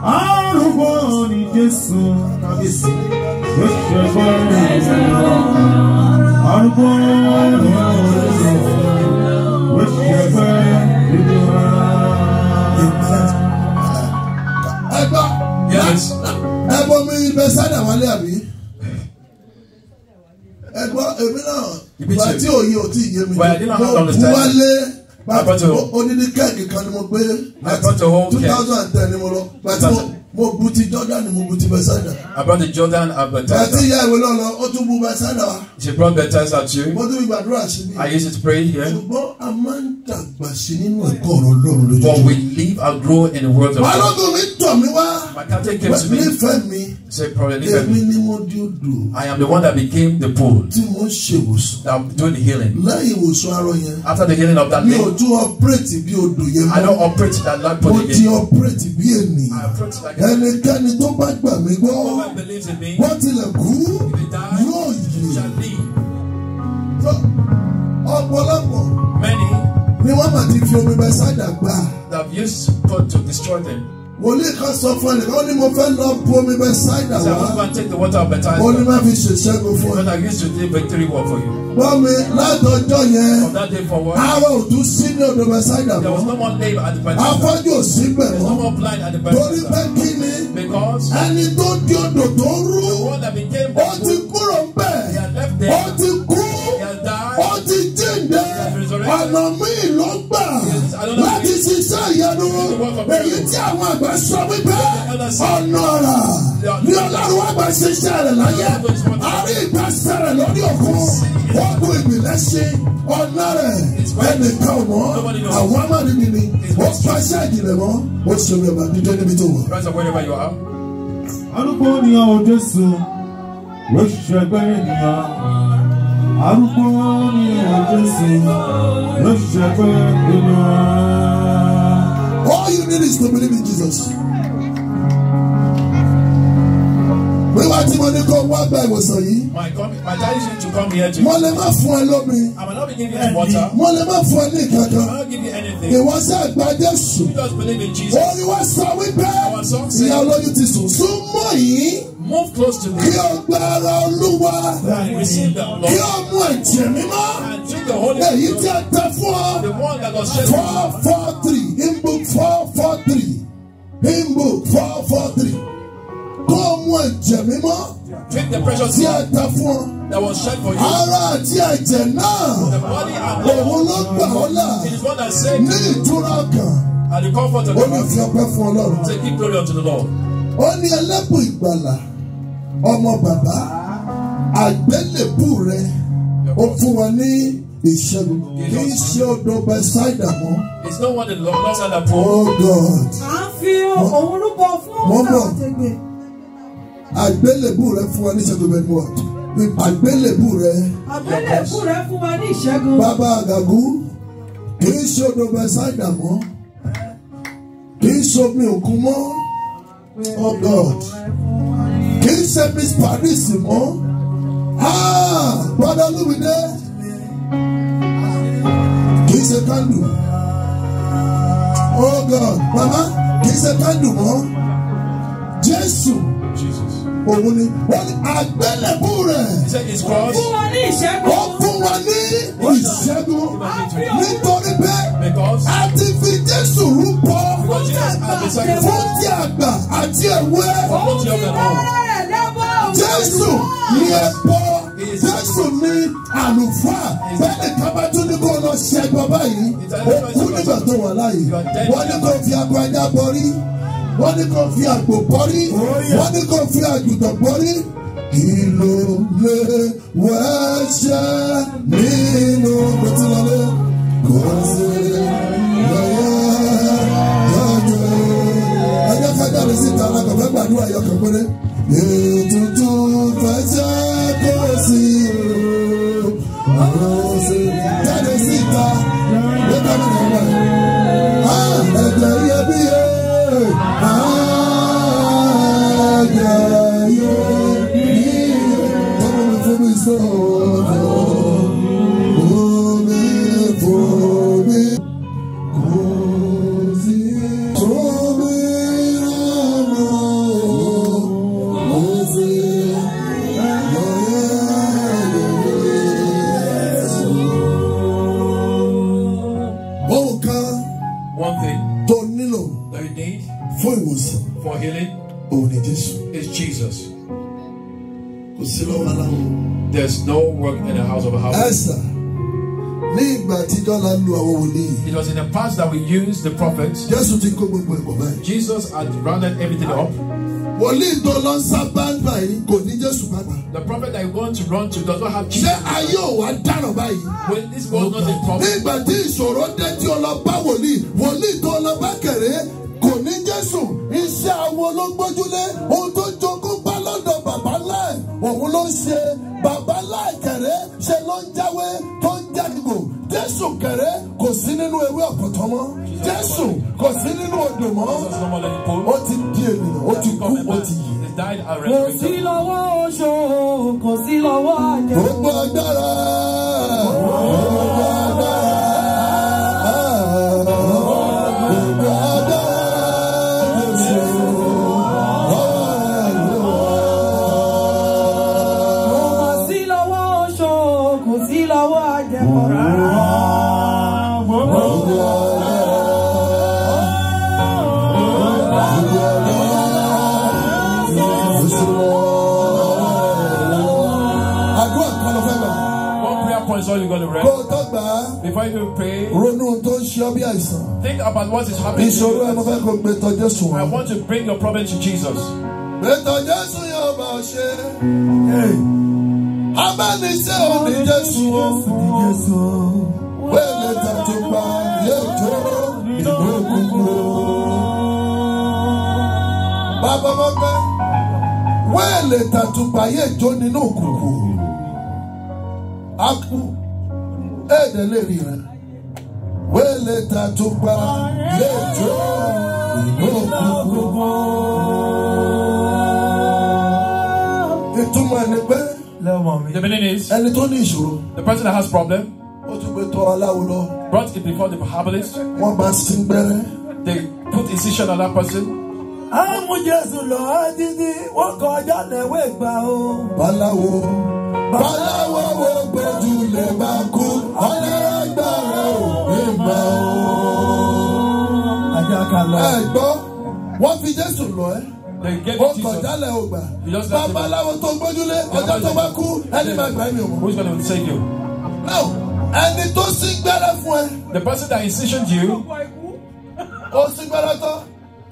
arúgbó ni Jésù kábíyèsí ló ṣẹgbọ́ arúgbó ni Jésù ló mi ibẹ̀ sádà wálé àbí ẹgbọ́ èmi náà ìgbà tí òye ò tí ì yé mi mo bu wálé báyìí ó ní ní kẹ́ẹ̀kì kan ni mo gbé two thousand and ten ni mo lọ mo bu ti Jordan mo bu ti Bethesda. about the Jordan and Bethesda. àti ìyá ìwé lọ́nà ó tún bu Bethesda wa. she brought Bethesda to you. mo tún fi gbàdúrà sí mi. I use it. pray here. ṣùgbọ́n a máa ń dàgbà sí nínú ẹ̀kọ́ ọ̀rọ̀ Ọlọ́run lójoojúmọ́. but we live and grow in the world of God. balógun mi tọ̀ mi wá. my captain came to me. nífẹ̀ẹ́ mi. say probably nífẹ̀ẹ́ mi. èmi ni mo di odò. I am the one that became the pool. tí mo ń ṣe ìwòsàn. that I'm doing the healing. lẹ́yìn ìwòsàn arọ yẹn. after the healing of that day. mi ò tún operate bí odò yẹn I don't operate that land for mo ti operate bí ènìyàn. I operate like a ẹnikẹ́ni tó bá gbà mí gbọ́ wọ́n tilẹ̀ kú yóò yè ọ̀pọ̀lọpọ̀ ni wọ́n máa ti fi omi bẹ́sàdà gbà. They to destroy them wòlíì kan sọ fún ẹnìkan ó ní mo fẹ́ lọ bu omi bẹ ṣáìdà wá ó ní má fi ṣèṣẹ́gun fún ẹ. gbọ́ mi látọjọ́ yẹn ara ò tún sí ní odò bẹ ṣáìdà mọ́ afọ́jú ò sí bẹ̀ mọ́ torí pé kí ni ẹni tó. tí àwọn àgbà sọ wípé ọ̀nà ọ̀rà ni ọlọ́run àgbà ṣiṣẹ́ rẹ̀ láyé àárín ìgbà sẹ̀rẹ̀ lórí òkun wọ́n kó ìgbìlẹ̀ ṣe ọ̀nà rẹ̀ ẹnìkan mọ́ àwọn amárinmi ni ó fàṣẹ ìjìnlẹ̀ mọ́ ó ṣe rẹ̀ bàbí dé níbi tó wà. arúgbó ènìyàn ò Jésù lóṣìṣẹ́ ẹgbẹ́ ènìyàn arúgbó ènìyàn ò Jésù lóṣìṣẹ́ ẹgbẹ́ ènìyàn who believe in Jesus. Wíwá tí mo ní kó wá gba ìwòsàn yìí. Mo lè má fún ẹ lómi. Mo lè má fún ẹ ní kankan. Ìwọ sí àgbà Jésù. Orí wa sọ wípé ìyá olóyún ti sùn. Súnmọ́ yìí. Move close to me. Kí o gba ara Olúwa. Kí o mú ẹ̀jẹ̀ mímọ́. Èyí tí a tẹ fún ọ. Four four three four four three Bímbò four four three Come on, Take the pressure. kó mú ẹ̀jẹ̀ mímọ́ tí a ta fún ọ. Ara àti ẹ̀jẹ̀ náà òun ló gbà ọ́ là ní ìtura kan. Ó ní fi ọpẹ́ fún Ọlọ́run. Ó ní ẹlẹ́bùn ìgbàlà ọmọ bàbá àgbélébù rẹ̀ ó fún wa ní ìṣẹ́gun kì í ṣe ọ̀dọ̀ bẹ́sáìdà mọ́. it's not one in love not at that point. oh God. a fi òun rúbọ fún ọ̀gá àtẹgbẹ. àgbélébù rẹ fún wa ní ìṣẹ́gun bẹ́ẹ̀ ni wà. àgbélébù rẹ. àgbélébù rẹ fún wa ní ìṣẹ́gun. bàbá àgàgù kì í ṣe ọ̀dọ̀ bẹ́sáìdà mọ́. kì í ṣe omi òkun mọ́. oh God. kì í ṣe miss Paris mọ́. ah brother Olumide kì í ṣe kándù oh God mama kì í Oh, kándù mọ́ Jésù òun ni wọ́n ní àgbélébù rẹ̀ ó fún wa ní ìṣẹ́gun nítorí pé a ti fi Jésù rúbọ fún ti àgbà àti èwe Jésù ni ẹ̀bọ jésù ní àlùfáà bẹ́ẹ̀ni kábà tún ní kó lọ ṣe ẹgbọ́n báyìí ó kú nígbà tó wà láàyè wọ́n ní kó fi agbo ajá bọ́rí wọ́n ní kó fi àgbò bọ́rí wọ́n ní kó fi àgùntàn bọ́rí kí ló lè wẹ́ṣẹ́ nínú kòtìlọ́lẹ́ kò sí lọ́wọ́ lọ́jọ́ ẹjẹ́ kájà lè sí ìta alákọ̀ọ́gbẹ́gbàdúrà yọkàn péré ètùtù fẹ́ṣẹ́ kérésì àwọn òsè jáde síta lẹ́gbẹ̀rún náírà. healing is Jesus. There's no work in the house of a house. It was in the past that we used the prophets. Jesus had rounded everything up. The prophet that you want to run to does not have Jesus. When this was not a prophet. jésù iṣẹ́ àwọn ló gbójúlé ohun tó jogún bá lọ́dọ̀ bàbá ńlá ẹ̀ òun ló ń ṣe bàbá ńlá ìkẹrẹ ṣe ló ń jáwé tó ń jágbò jésù kẹrẹ kò sí nínú ewé ọ̀pọ̀tọ́ mọ́ jésù kò sí nínú odò mọ́ ó ti di ènìyàn ó ti kú ó ti yè kò sí lọ́wọ́ oṣù kò sí lọ́wọ́ àjẹ́ gbogbo agbára. answer you're going to rest. Before you pray. Ronú tó ń Think about what is happening. tọ Jésù I want to bring your problem to Jesus. Gbẹ̀tọ̀ Jésù yóò bá ọ ṣe. Abánisẹ́ òní Jésù o. Wẹ́lẹ̀ tàtúgbà o ẹ̀ẹ́dẹ̀ lè wele rẹ̀ wẹ́lẹ̀ tàtúpa lè jó ìlú òkùnkùn. ìtumọ̀ ẹni pé ẹni tó ní ìṣòro. the person that has problem. ó tún gbé tọrọ aláwo lọ. brought it before the herbalist. wọ́n bá sín gbẹ́rẹ́. they put incision on that person àmú Jésù lọ títí wọ́n kọjá lẹ́wọ́ ìgbà o. Báláwo báláwo wo gbẹ̀jú lè bá kú ọlẹ́gbàrá ò ní gbà o. Ẹ gbọ́, wọ́n fi Jésù lọ ẹ́ ó kọ̀ jálẹ̀ ò gbà babaláwo tó gbójúlé ọjọ́ tó bá kú ẹni máa gbà mí o. now ẹni tó sín gbẹ́rẹ́ fún ẹ. the person that incision you. ó sín gbẹ́rẹ́ tán.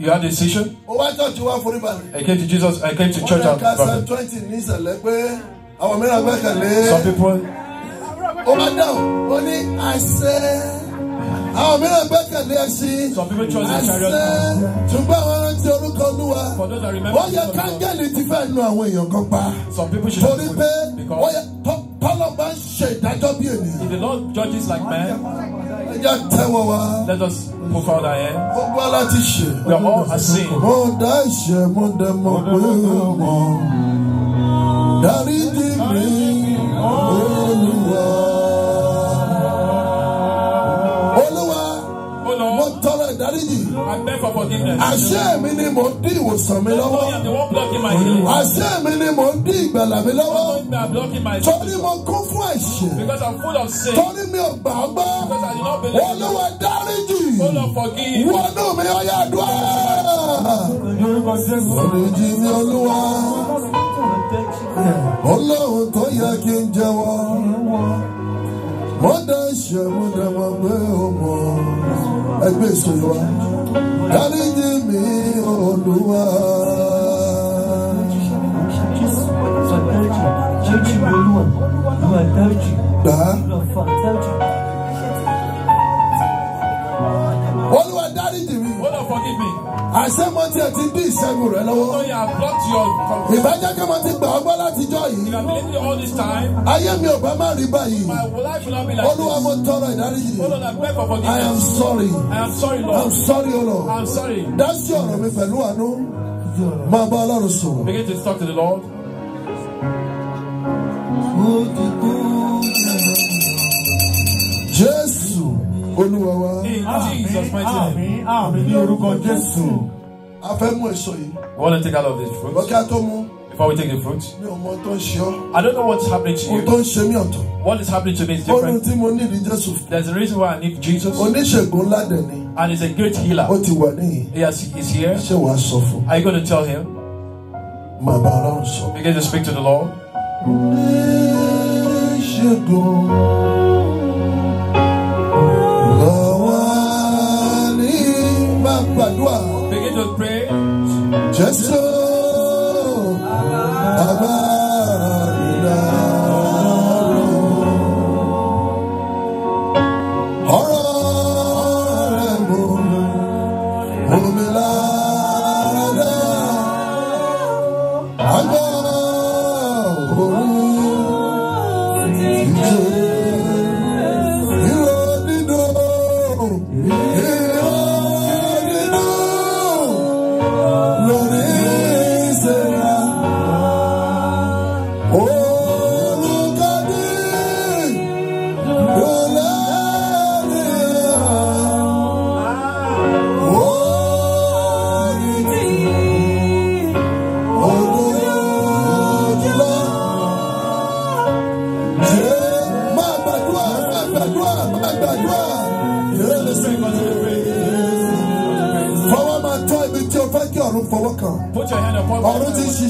You had a decision. Ó wá ṣọ́ọ̀ṣì wá forí balẹ̀. I came to Jesus. I came to church and found. Wọ́n lè ka twenty ní ìsẹ̀lẹ̀ pé àwọn mìíràn gbẹ́kẹ̀lé. Some people. Ó bá dáhùn, ó ní àṣẹ àwọn mìíràn gbẹ́kẹ̀lé ẹṣin àṣẹ ṣùgbọ́n àwọn rántí orúkọ olúwa ó yẹ káńgẹ́lì ti fẹ́ nu àwọn èèyàn kan pa torí pé ó yẹ tó tọ́lọ́gbà ń ṣe ìdájọ́ bí if the Lord judges like men. ẹ jẹ́ tẹ́wọ́ wa. let us move out our head. gbogbo ala ti ṣe. we are all as sin. oh, dá oh, mo dẹ̀ mọ̀ pé mo dáríjì mi olúwa. olúwa mo tọrọ ìdáríjì àṣẹ mi ni mò ń dín ìwòsàn mi lọ́wọ́ àṣẹ mi ni mò ń dín ìgbàlà mi lọ́wọ́ torí mo kún fún ẹ̀ṣẹ̀ torí mi ò gbà gbọ́ olúwa dáríjì wọnú mi ọ̀yà dùn oríjì mi olúwa ọlọ́run tó yẹ kí n jẹ́wọ́ mọ́dà ṣe múdà máa gbé ọmọ ẹgbẹ́ ìṣòwò dáríjì mi olúwa. Gbà. Olúwa dáríjì mi. Olúwa forgive me àṣemọ tí ẹ ti dín ìṣẹ́gun rẹ lọ́wọ́. Oh, ìbájẹ́ kí wọ́n ti gbà ọgbọ́n látijọ́ yìí. ayé mi ò bá má rí báyìí. olúwa mo tọrọ ìdáríjì. Oh, I am sorry. I am sorry, Lord. I am sorry, O Lord. I am sorry. dá sí ọ̀rọ̀ mi pẹ̀lú àánú. máa bá ọlọ́run sùn. Begin to talk to the Lord. Jésù. olúwa wa àmín àmín we want to take all of this fruit. Before we take the fruit, I don't know what's happening to you. What is happening to me is different. There's a reason why I need Jesus. And he's a great healer. He has, he's here. Are you going to tell him? You Begin to speak to the Lord.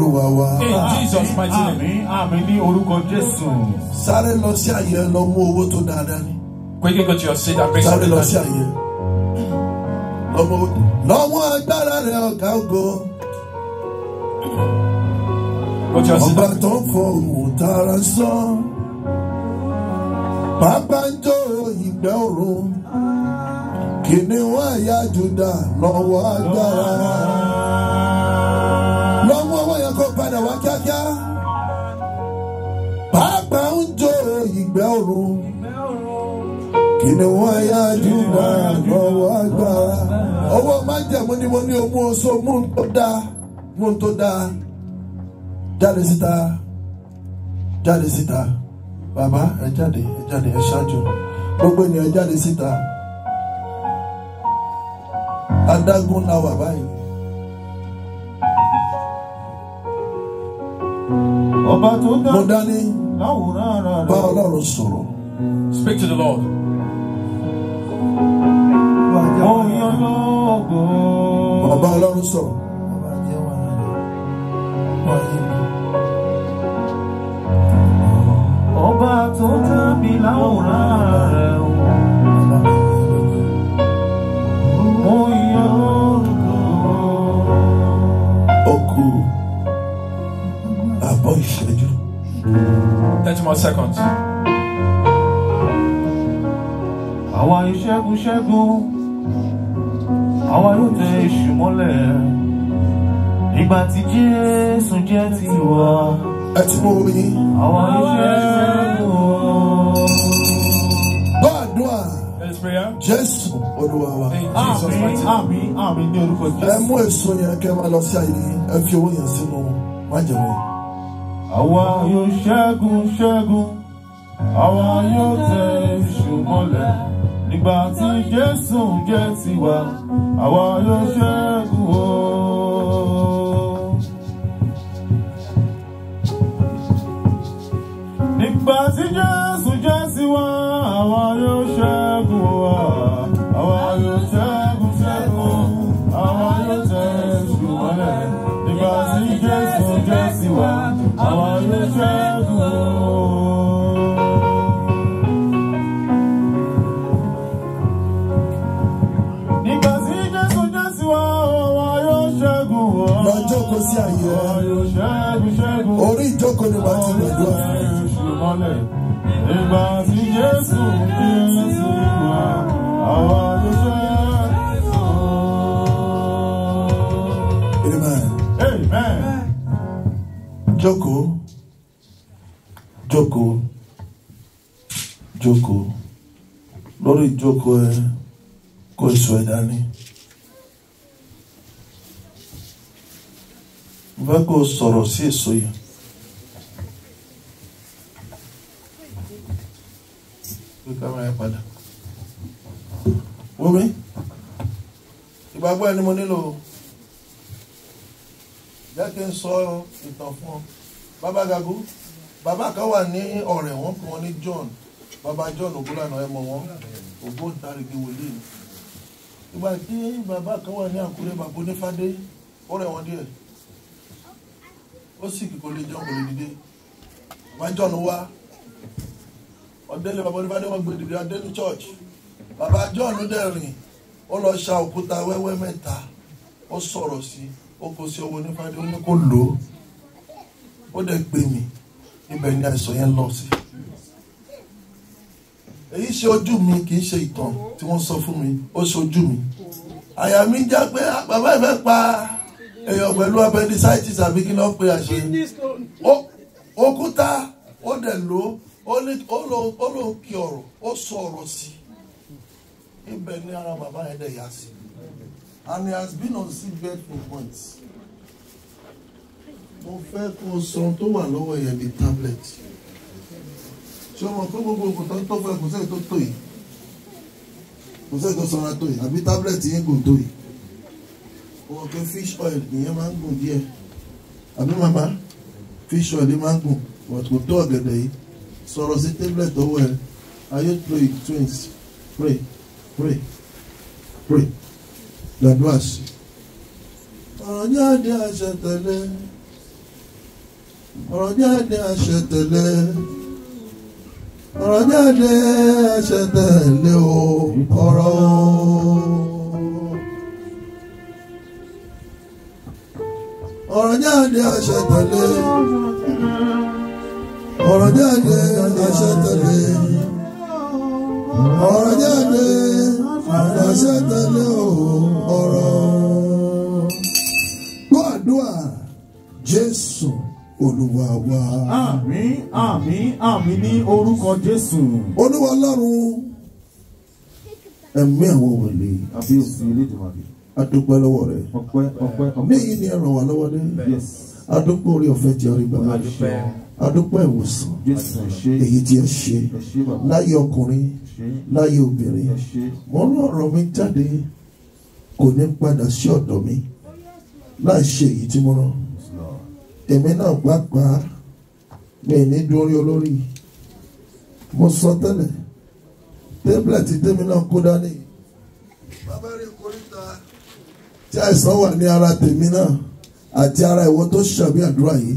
olúwa wa. Jesus mighty name àmín ní orúkọ jésù. sáré lọ sí àyè lọ mú owó tó dáadáa ni. to your seat and bring sáré lọ sí àyè lọ́wọ́ agbára rẹ̀ ọ̀gá ògo. ọba tó ń fọ òun tara sán pápá ń jó ìgbẹ́ òru kìnìún àyà Júdà lọ́wọ́ agbára. ọ̀run kìnìún ayájú máa bọ̀ wá gbà. ọwọ́ máa jẹ̀mú ni mo ní o mú oṣù mú un tó dáa mú un tó dáa jáde síta jáde síta bàbá ẹ jáde ẹ jáde ẹ ṣáájú gbogbo ènìyàn jáde síta adágún la wà báyìí. ọba tó dá mo dání bá ọlọ́run sọ̀rọ̀. Speak to the Lord. Oyin lọ́gbọ̀. Ọba ọlọ́run sọ̀rọ̀. Ọba mi. Ọba tó dá mi láwòrán rẹ̀ o. 30 more seconds. Àwa ìṣẹ́gun ṣẹ́gun, àwa yóò tẹ èṣù mọ́lẹ̀. Ìgbà tí Jésù jẹ́ tiwa. Ẹ ti mú mi. Àwa ìṣẹ́gun. Gbàdúrà. Jésù Olúwa wa. Àmín àmín àmín ní orúkọ Jésù. Ẹ mú èso yẹn kẹ́ máa lọ sí àyè ẹ fi owó yẹn sínú májèlé àwa yóò ṣẹ́gun ṣẹ́gun àwa yóò tẹ èṣù mọ́lẹ̀ nígbà tí Jésù jẹ́ tiwa àwa yóò ṣẹ́gun o. nígbà tí Jésù jẹ́ tiwa àwa yóò ṣẹ́gun o. àyè orí ìjókòó ni màá ti gbàdúrà. ìgbà tí Jésù kí ń sí wa àwa ló ṣe Amen. Amen. Jókòó, jókòó, jókòó, lórí Joko, ẹ kó èso ẹ dání. mo fẹ́ kó o sọ̀rọ̀ sí èso yẹn. Wúmi, ìgbàgbọ́ ẹni mo nílò jẹ́ kí n sọ ìtàn fún ọ. Bàbá Gago, bàbá kan wà ní ọ̀rẹ́ wọn kí ní John. Bàbá John Ògúnlànà ẹ mọ̀ wọ́n, ògbóǹtarìgì wòlíì. Ìgbà tí bàbá kan wà ní Àkúrẹ́, bàbá Onífádé, ó rẹ̀ díẹ̀ ó sì kì kò lè jọ kò lè dìde wájọ́ nu wá ọ̀dẹ́lẹ̀ bàbá onífàdé wọn gbé dìde adé church bàbá john dẹ̀rìn ó lọ ṣa òkúta wẹ́wẹ́ mẹ́ta ó sọ̀rọ̀ sí ó kó sí owó onífàdé ó ní kó lò ó ó dẹ̀ gbé mi ibẹ̀ ni àìsàn yẹn lọ sí èyí ṣe ojú mi kì í ṣe ìtàn tí wọ́n sọ fún mi ó ṣe ojú mi àyà mi já pé ah, bàbá ìfẹ́ pa á èèyàn pẹ̀lú appendicitis àbí kí ló ń pè àṣẹ òkúta ó dẹ̀ ló ó ló ń kí ọ̀rọ̀ ó sọ ọ̀rọ̀ sí i ibẹ̀ ní ara bàbá yẹn dẹ̀ yá sí i and he has been on sick bed for months mo fẹ́ kó sọ tó wà lọ́wọ́ yẹn bíi tablet ṣé ọmọ pé gbogbo òkúta tó fẹ́ kò sẹ́yìn tó tó yìí kò sẹ́yìn tó sanra tó yìí àbí tablet yẹn kò tó yìí òkè fish oil nìyẹn máa ń gùn díẹ̀ àbí màmá fish oil máa ń gùn but kò tó ọ̀gẹ̀dẹ̀ yìí sọ̀rọ̀ sí tablet owó ẹ̀ ayé pray twins pray pray pray gbàdúrà sí. ọ̀rọ̀ jáde àṣẹ tẹ̀lé ọ̀rọ̀ jáde àṣẹ tẹ̀lé ọ̀rọ̀ jáde àṣẹ tẹ̀lé o ọ̀rọ̀ o. ọ̀rọ̀ jáde àṣẹ tẹ̀lé ọ̀rọ̀ jáde àṣẹ tẹ̀lé ọ̀rọ̀ jáde àṣẹ tẹ̀lé ọ̀rọ̀ gbọ́ àdúrà Jésù olúwa wa. àmín àmín àmín ní orúkọ Jésù. olúwa ọlọ́run ẹ̀mí àwọn wọlé. àbí òsì ilé ìdìbò àbí adúpẹ́ lọ́wọ́ rẹ ọpẹ́ ọpẹ́ ọpẹ́ méyì ni ẹ ràn wá lọ́wọ́ dé adúpẹ́ orí ọ̀fẹ́ tí a rí gbàgbọ́ adúpẹ́ ìwòsàn èyí tí ẹ ṣe láyé ọkùnrin láyé obìnrin mo rán ọ̀rọ̀ mi jáde kò ní padà sí ọ̀dọ̀ mi láì ṣe èyí tí mo rán èmi náà pàápàá mi ní dúró olórí mo sọ tẹ́lẹ̀ tẹ́bílẹ̀tì tẹ́mi náà kó dání bàbá rẹ̀ kú tí àìsàn wà ní ara tèmi náà àti ara ìwọ tó ṣàbí àdúrà yìí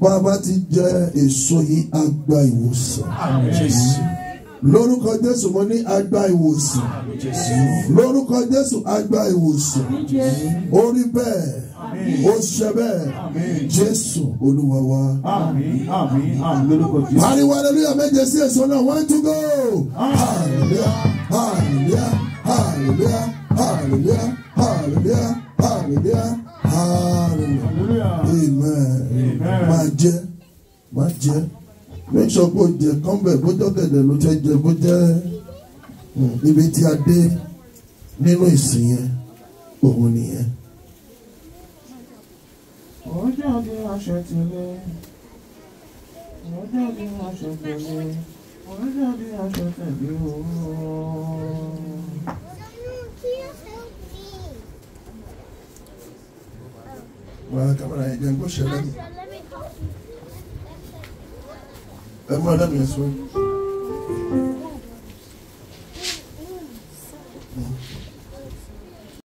bá a bá ti jẹ èso yìí a gba ìwòsàn. lórúkọ jésù mo ní a gba ìwòsàn lórúkọ jésù a gba ìwòsàn ó rí bẹ́ẹ̀ ó ṣe bẹ́ẹ̀ jésù olúwa wa. pariwo aleluya méje sí èso náà one two go hallelujah hallelujah hallelujah hallelujah hallelujah hallelujah hallelujah amen máa jẹ máa jẹ make sure kó jẹ kánbẹ bójọ gẹdẹ ló fẹ́ jẹ bó jẹ ibi hmm, tí a dé nínú ìsìn yẹn òun nìyẹn. ó jáde aṣọ tẹ́lẹ̀ ó jáde aṣọ tẹ́lẹ̀ ó jáde aṣọ tẹ́lẹ̀ ooo. Kamara again. Go you. them. Madam, yes, well.